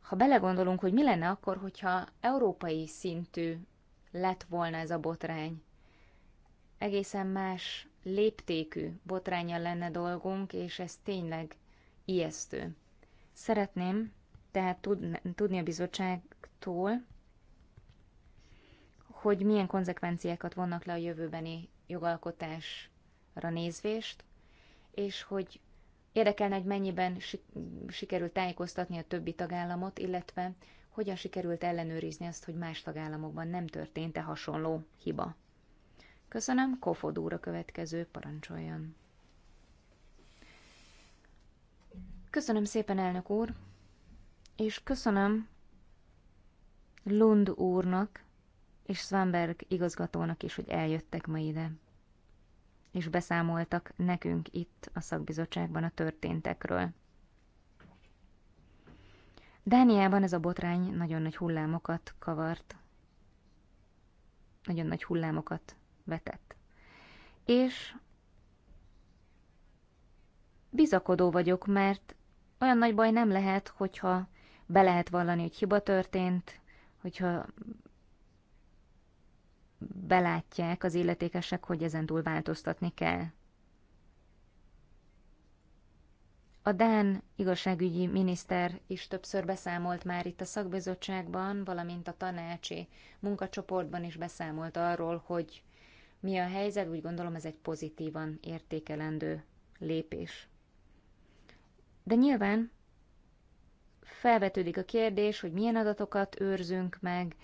Ha belegondolunk, hogy mi lenne akkor, hogyha európai szintű lett volna ez a botrány, egészen más léptékű botránya lenne dolgunk, és ez tényleg ijesztő. Szeretném tehát tudni a bizottságtól, hogy milyen konzekvenciákat vonnak le a jövőbeni jogalkotásra nézvést, és hogy érdekelne, hogy mennyiben sikerült tájékoztatni a többi tagállamot, illetve hogyan sikerült ellenőrizni azt, hogy más tagállamokban nem történt-e hasonló hiba. Köszönöm, Kofod úr a következő, parancsoljon. Köszönöm szépen, elnök úr, és köszönöm Lund úrnak és Svanberg igazgatónak is, hogy eljöttek ma ide, és beszámoltak nekünk itt a szakbizottságban a történtekről. Dániában ez a botrány nagyon nagy hullámokat kavart, nagyon nagy hullámokat vetett. És bizakodó vagyok, mert olyan nagy baj nem lehet, hogyha be lehet vallani, hogy hiba történt, hogyha belátják az illetékesek, hogy ezen túl változtatni kell. A Dán igazságügyi miniszter is többször beszámolt már itt a szakbizottságban, valamint a tanácsi munkacsoportban is beszámolt arról, hogy mi a helyzet, úgy gondolom ez egy pozitívan értékelendő lépés. De nyilván felvetődik a kérdés, hogy milyen adatokat őrzünk meg,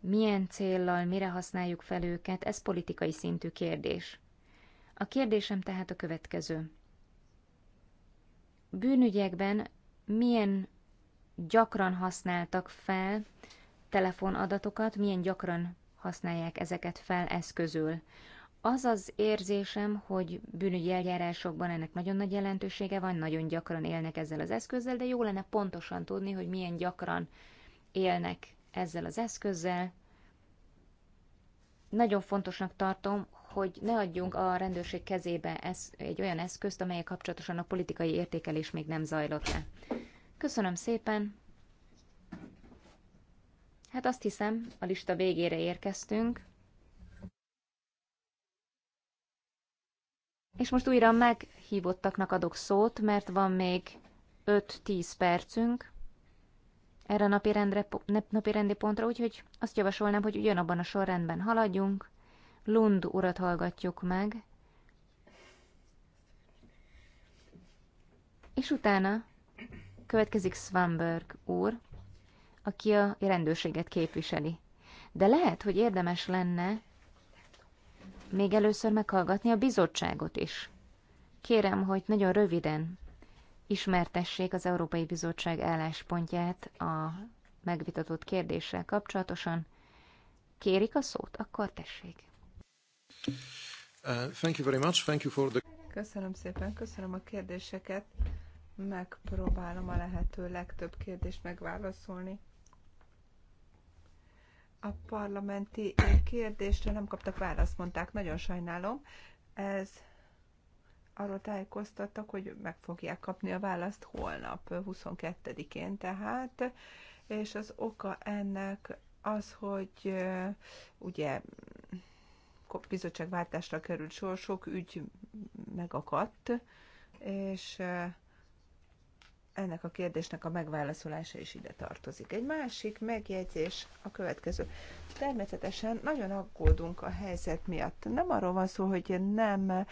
milyen céllal, mire használjuk fel őket, ez politikai szintű kérdés. A kérdésem tehát a következő. Bűnügyekben milyen gyakran használtak fel telefonadatokat, milyen gyakran használják ezeket fel eszközül. Az az érzésem, hogy bűnügyi eljárásokban ennek nagyon nagy jelentősége van, nagyon gyakran élnek ezzel az eszközzel, de jó lenne pontosan tudni, hogy milyen gyakran élnek ezzel az eszközzel. Nagyon fontosnak tartom, hogy ne adjunk a rendőrség kezébe ez, egy olyan eszközt, amelyek kapcsolatosan a politikai értékelés még nem zajlott le. Köszönöm szépen! Hát azt hiszem, a lista végére érkeztünk. És most újra meghívottaknak adok szót, mert van még 5-10 percünk erre a napi, rendre, napi rendi pontra, úgyhogy azt javasolnám, hogy ugyanabban a sorrendben haladjunk. Lund urat hallgatjuk meg, és utána következik Svanberg úr, aki a rendőrséget képviseli. De lehet, hogy érdemes lenne még először meghallgatni a bizottságot is. Kérem, hogy nagyon röviden ismertessék az Európai Bizottság álláspontját a megvitatott kérdéssel kapcsolatosan. Kérik a szót? Akkor tessék. Uh, köszönöm szépen, köszönöm a kérdéseket. Megpróbálom a lehető legtöbb kérdést megválaszolni. A parlamenti eh, kérdésre nem kaptak választ, mondták, nagyon sajnálom. Ez arról tájékoztattak, hogy meg fogják kapni a választ holnap, 22-én tehát, és az oka ennek az, hogy eh, ugye bizottságváltásra került sor, sok ügy megakadt, és eh, ennek a kérdésnek a megválaszolása is ide tartozik. Egy másik megjegyzés a következő. Természetesen nagyon aggódunk a helyzet miatt. Nem arról van szó, hogy nem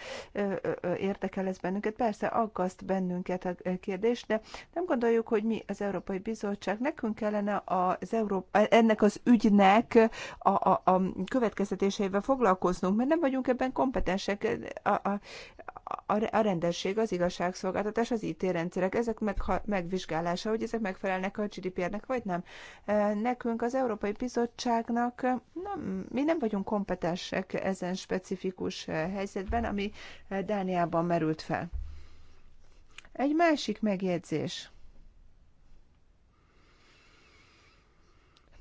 érdekel ez bennünket. Persze aggaszt bennünket a kérdés, de nem gondoljuk, hogy mi az Európai Bizottság, nekünk kellene az Európa, ennek az ügynek a, a, a következtetéseivel foglalkoznunk, mert nem vagyunk ebben kompetensek. A, a, a rendesség, az igazságszolgáltatás, az IT-rendszerek, ezek megha- megvizsgálása, hogy ezek megfelelnek a GDPR-nek, vagy nem. Nekünk az Európai Bizottságnak nem, mi nem vagyunk kompetensek ezen specifikus helyzetben, ami Dániában merült fel. Egy másik megjegyzés.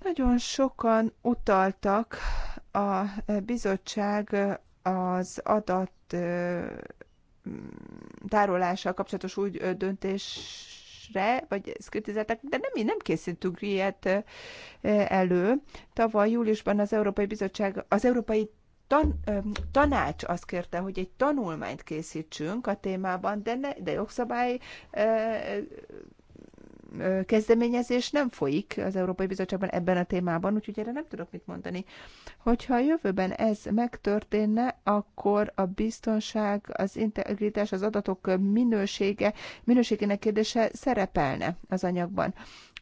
Nagyon sokan utaltak a bizottság az adat tárolással kapcsolatos úgy döntésre, vagy ezt de nem, nem készítünk ilyet elő. Tavaly júliusban az Európai Bizottság, az Európai tan, tanács azt kérte, hogy egy tanulmányt készítsünk a témában, de, ne, de jogszabály kezdeményezés nem folyik az Európai Bizottságban ebben a témában, úgyhogy erre nem tudok mit mondani. Hogyha a jövőben ez megtörténne, akkor a biztonság, az integritás, az adatok minősége, minőségének kérdése szerepelne az anyagban.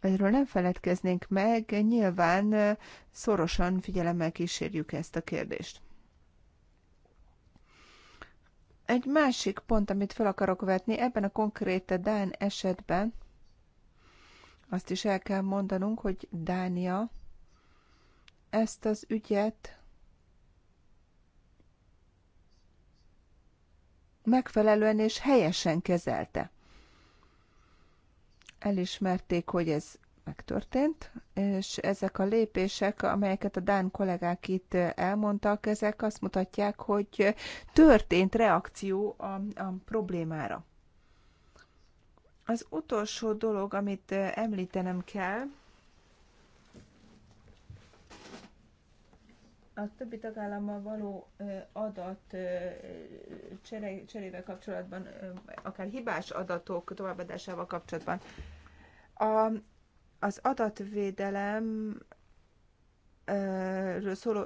Erről nem feledkeznénk meg, nyilván szorosan figyelemmel kísérjük ezt a kérdést. Egy másik pont, amit fel akarok vetni, ebben a konkrét Dán esetben azt is el kell mondanunk, hogy Dánia ezt az ügyet megfelelően és helyesen kezelte. Elismerték, hogy ez megtörtént, és ezek a lépések, amelyeket a Dán kollégák itt elmondtak, ezek azt mutatják, hogy történt reakció a, a problémára. Az utolsó dolog, amit említenem kell, a többi tagállammal való adat cserével kapcsolatban, akár hibás adatok továbbadásával kapcsolatban. A, az adatvédelem szóló,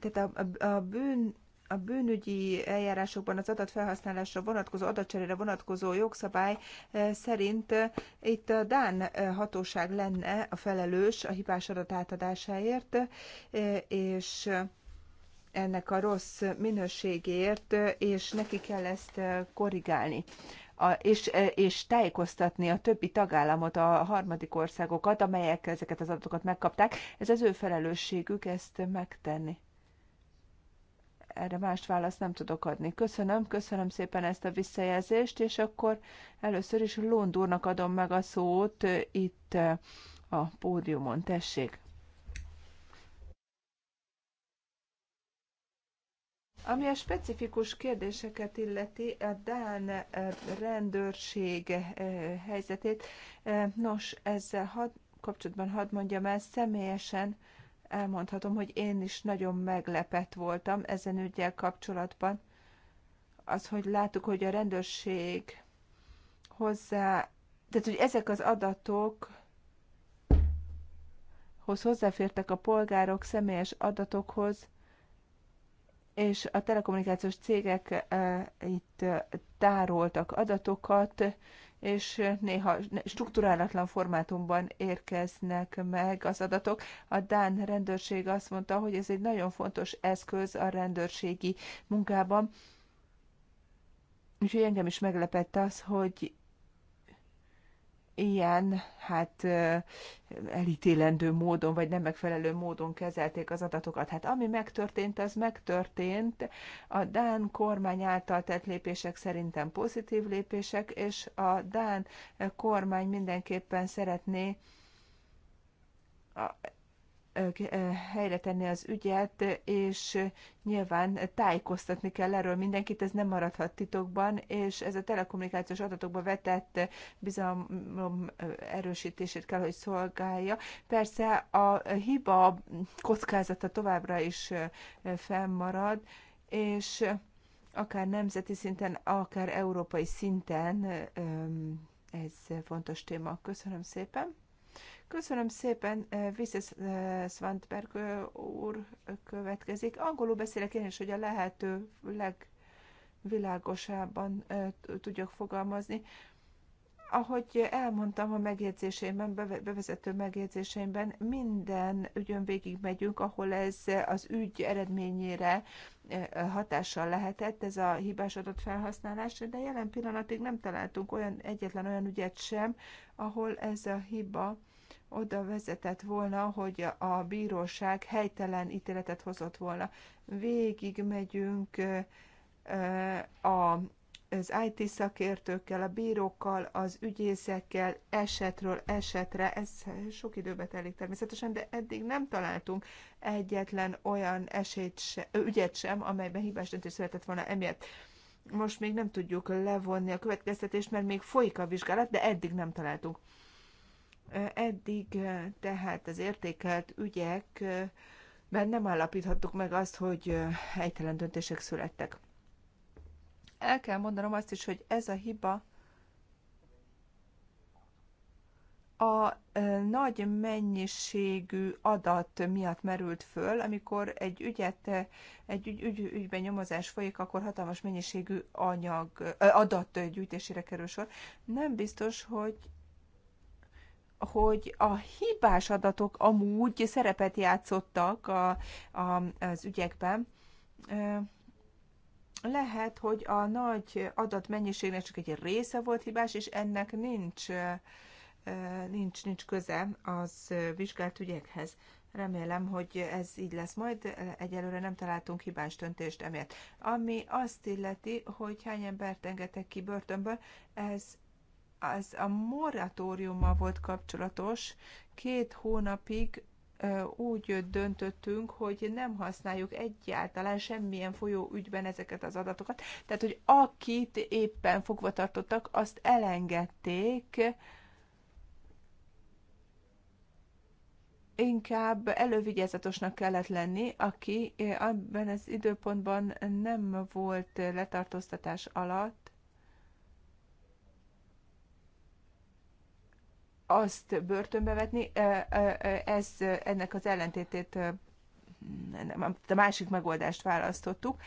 tehát a, a, a bűn a bűnügyi eljárásokban az adatfelhasználásra vonatkozó, adatcserére vonatkozó jogszabály eh, szerint eh, itt a Dán eh, hatóság lenne a felelős a hibás adat átadásáért, és ennek a rossz minőségért, és neki kell ezt korrigálni. A, és, és tájékoztatni a többi tagállamot, a harmadik országokat, amelyek ezeket az adatokat megkapták. Ez az ő felelősségük ezt megtenni erre más választ nem tudok adni. Köszönöm, köszönöm szépen ezt a visszajelzést, és akkor először is Lund úrnak adom meg a szót itt a pódiumon. Tessék! Ami a specifikus kérdéseket illeti, a Dán rendőrség helyzetét, nos, ezzel had, kapcsolatban hadd mondjam el, személyesen elmondhatom, hogy én is nagyon meglepett voltam ezen ügyel kapcsolatban. Az, hogy láttuk, hogy a rendőrség hozzá, tehát hogy ezek az adatok hozzáfértek a polgárok személyes adatokhoz, és a telekommunikációs cégek e, itt e, tároltak adatokat, és néha struktúrálatlan formátumban érkeznek meg az adatok. A Dán rendőrség azt mondta, hogy ez egy nagyon fontos eszköz a rendőrségi munkában, Úgyhogy engem is meglepett az, hogy ilyen, hát elítélendő módon, vagy nem megfelelő módon kezelték az adatokat. Hát ami megtörtént, az megtörtént. A Dán kormány által tett lépések szerintem pozitív lépések, és a Dán kormány mindenképpen szeretné helyre tenni az ügyet, és nyilván tájékoztatni kell erről mindenkit, ez nem maradhat titokban, és ez a telekommunikációs adatokba vetett bizalom erősítését kell, hogy szolgálja. Persze a hiba kockázata továbbra is fennmarad, és akár nemzeti szinten, akár európai szinten ez fontos téma. Köszönöm szépen! Köszönöm szépen, eh, Viszes eh, Svantberg eh, úr következik. Angolul beszélek én is, hogy a lehető legvilágosabban tudjak fogalmazni. Ahogy elmondtam a megjegyzéseimben, bevezető megjegyzéseimben, minden ügyön megyünk, ahol ez az ügy eredményére hatással lehetett, ez a hibás felhasználás, de jelen pillanatig nem találtunk olyan egyetlen olyan ügyet sem, ahol ez a hiba oda vezetett volna, hogy a bíróság helytelen ítéletet hozott volna. Végig megyünk az IT szakértőkkel, a bírókkal, az ügyészekkel, esetről esetre, ez sok időbe telik természetesen, de eddig nem találtunk egyetlen olyan esélyt se, ügyet sem, amelyben hibás döntés született volna emiatt. Most még nem tudjuk levonni a következtetést, mert még folyik a vizsgálat, de eddig nem találtunk Eddig eh, tehát az értékelt ügyek mert eh, nem állapíthattuk meg azt, hogy eh, helytelen döntések születtek. El kell mondanom azt is, hogy ez a hiba a nagy mennyiségű adat miatt merült föl, amikor egy ügyet, egy ügy, ügy, ügyben nyomozás folyik, akkor hatalmas mennyiségű anyag, adat gyűjtésére kerül sor. Nem biztos, hogy hogy a hibás adatok amúgy szerepet játszottak a, a, az ügyekben. Lehet, hogy a nagy adatmennyiségnek csak egy része volt hibás, és ennek nincs, nincs, nincs köze az vizsgált ügyekhez. Remélem, hogy ez így lesz majd. Egyelőre nem találtunk hibás döntést emiatt. Ami azt illeti, hogy hány embert engedtek ki börtönből, ez az a moratóriummal volt kapcsolatos. Két hónapig úgy döntöttünk, hogy nem használjuk egyáltalán semmilyen folyó ügyben ezeket az adatokat. Tehát, hogy akit éppen fogva tartottak, azt elengedték, inkább elővigyázatosnak kellett lenni, aki abban az időpontban nem volt letartóztatás alatt, azt börtönbe vetni, ez ennek az ellentétét, a másik megoldást választottuk.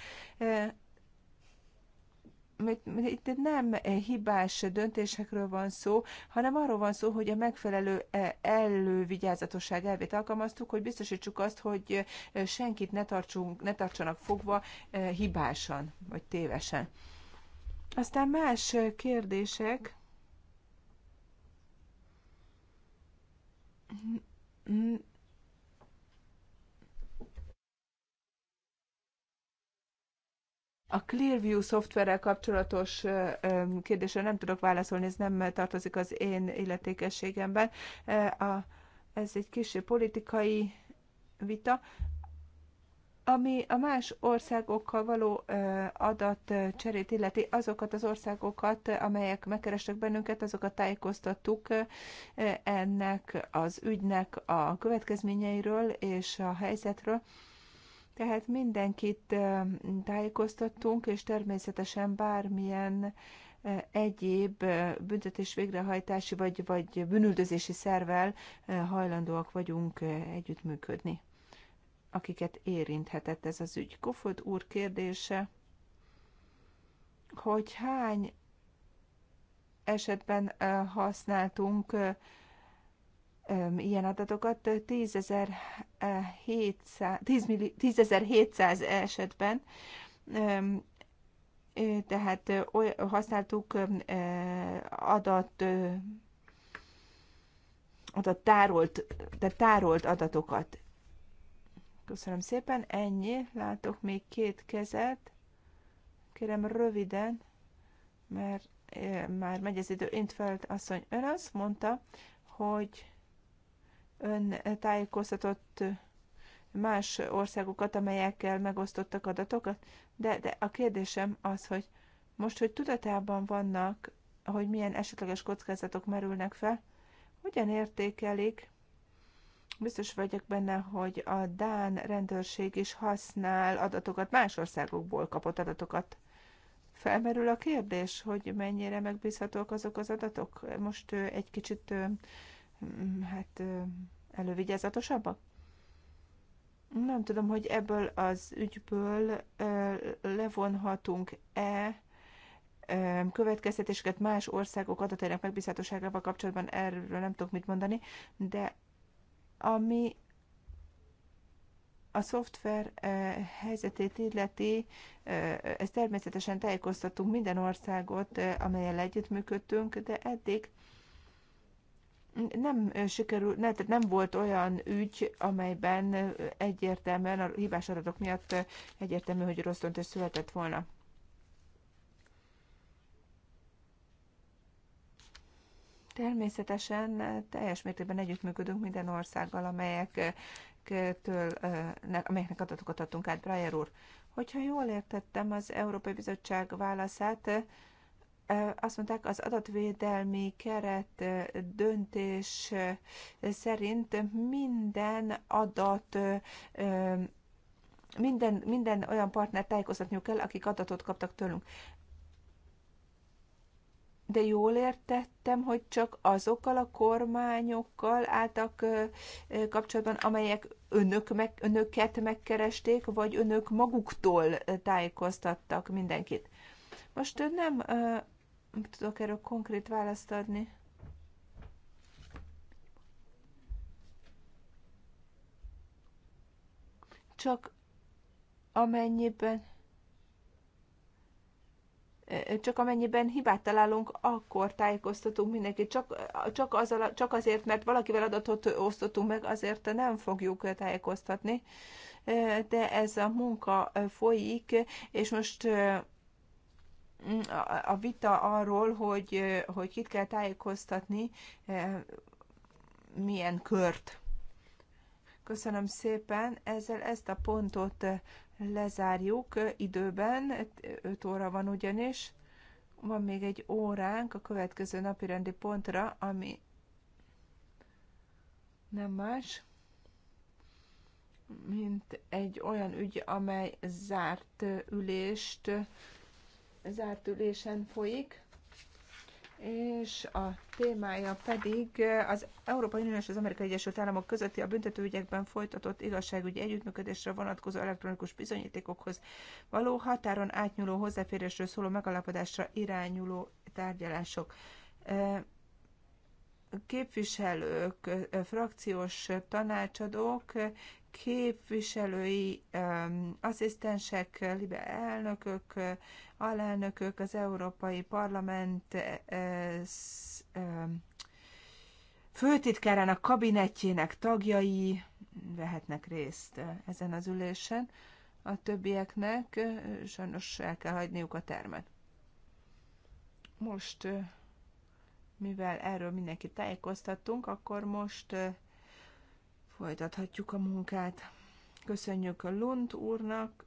Itt nem hibás döntésekről van szó, hanem arról van szó, hogy a megfelelő elővigyázatosság elvét alkalmaztuk, hogy biztosítsuk azt, hogy senkit ne, tartsunk, ne tartsanak fogva hibásan vagy tévesen. Aztán más kérdések A Clearview szoftverrel kapcsolatos kérdésre nem tudok válaszolni, ez nem tartozik az én illetékességemben. ez egy kicsi politikai vita. Ami a más országokkal való adatcserét illeti, azokat az országokat, amelyek megkerestek bennünket, azokat tájékoztattuk ennek az ügynek a következményeiről és a helyzetről. Tehát mindenkit tájékoztattunk, és természetesen bármilyen egyéb büntetés végrehajtási vagy, vagy bűnüldözési szervel hajlandóak vagyunk együttműködni akiket érinthetett ez az ügy. Kofod úr kérdése, hogy hány esetben használtunk ilyen adatokat 10.700 10 esetben, tehát használtuk adat adat tárolt, tehát tárolt adatokat. Köszönöm szépen, ennyi. Látok még két kezet. Kérem röviden, mert eh, már megy az idő. Intfeld asszony, ön azt mondta, hogy ön tájékoztatott más országokat, amelyekkel megosztottak adatokat, de, de a kérdésem az, hogy most, hogy tudatában vannak, hogy milyen esetleges kockázatok merülnek fel, hogyan értékelik Biztos vagyok benne, hogy a Dán rendőrség is használ adatokat, más országokból kapott adatokat. Felmerül a kérdés, hogy mennyire megbízhatók azok az adatok? Most egy kicsit, mm, hát elővigyázatosabbak? Nem tudom, hogy ebből az ügyből levonhatunk-e következtetéseket más országok adatainak megbízhatóságával kapcsolatban erről nem tudok mit mondani, de ami a szoftver eh, helyzetét illeti, eh, ezt természetesen tájékoztatunk minden országot, eh, amelyel együttműködtünk, de eddig nem sikerült, ne, tehát nem volt olyan ügy, amelyben egyértelműen a hibás adatok miatt egyértelmű, hogy rossz döntés született volna. Természetesen eh, teljes mértékben együttműködünk minden országgal, amelyek eh, Től, eh, amelyeknek adatokat adtunk át, Breyer úr. Hogyha jól értettem az Európai Bizottság válaszát, azt mondták, az adatvédelmi keret döntés szerint minden adat minden, minden olyan partner tájékoztatniuk kell, akik adatot kaptak tőlünk de jól értettem, hogy csak azokkal a kormányokkal álltak kapcsolatban, amelyek önök meg, önöket megkeresték, vagy önök maguktól tájékoztattak mindenkit. Most nem tudok erről konkrét választ adni. Csak amennyiben csak amennyiben hibát találunk, akkor tájékoztatunk mindenkit. Csak, csak, az, csak azért, mert valakivel adatot osztottunk meg, azért nem fogjuk tájékoztatni. De ez a munka folyik, és most mm, a vita arról, hogy, hogy kit kell tájékoztatni, milyen kört. Köszönöm szépen, ezzel ezt a pontot lezárjuk időben, 5 óra van ugyanis, van még egy óránk a következő napi rendi pontra, ami nem más, mint egy olyan ügy, amely zárt ülést, zárt ülésen folyik és a témája pedig az Európai Unió és az Amerikai Egyesült Államok közötti a büntetőügyekben folytatott igazságügyi együttműködésre vonatkozó elektronikus bizonyítékokhoz való határon átnyúló hozzáférésről szóló megalapodásra irányuló tárgyalások. Képviselők, frakciós tanácsadók képviselői, asszisztensek, libe elnökök, alelnökök, az Európai Parlament e, e, főtitkárának kabinetjének tagjai vehetnek részt e, ezen az ülésen. A többieknek sajnos el kell hagyniuk a termet. Most, mivel erről mindenki tájékoztattunk, akkor most Folytathatjuk a munkát. Köszönjük a Lunt úrnak,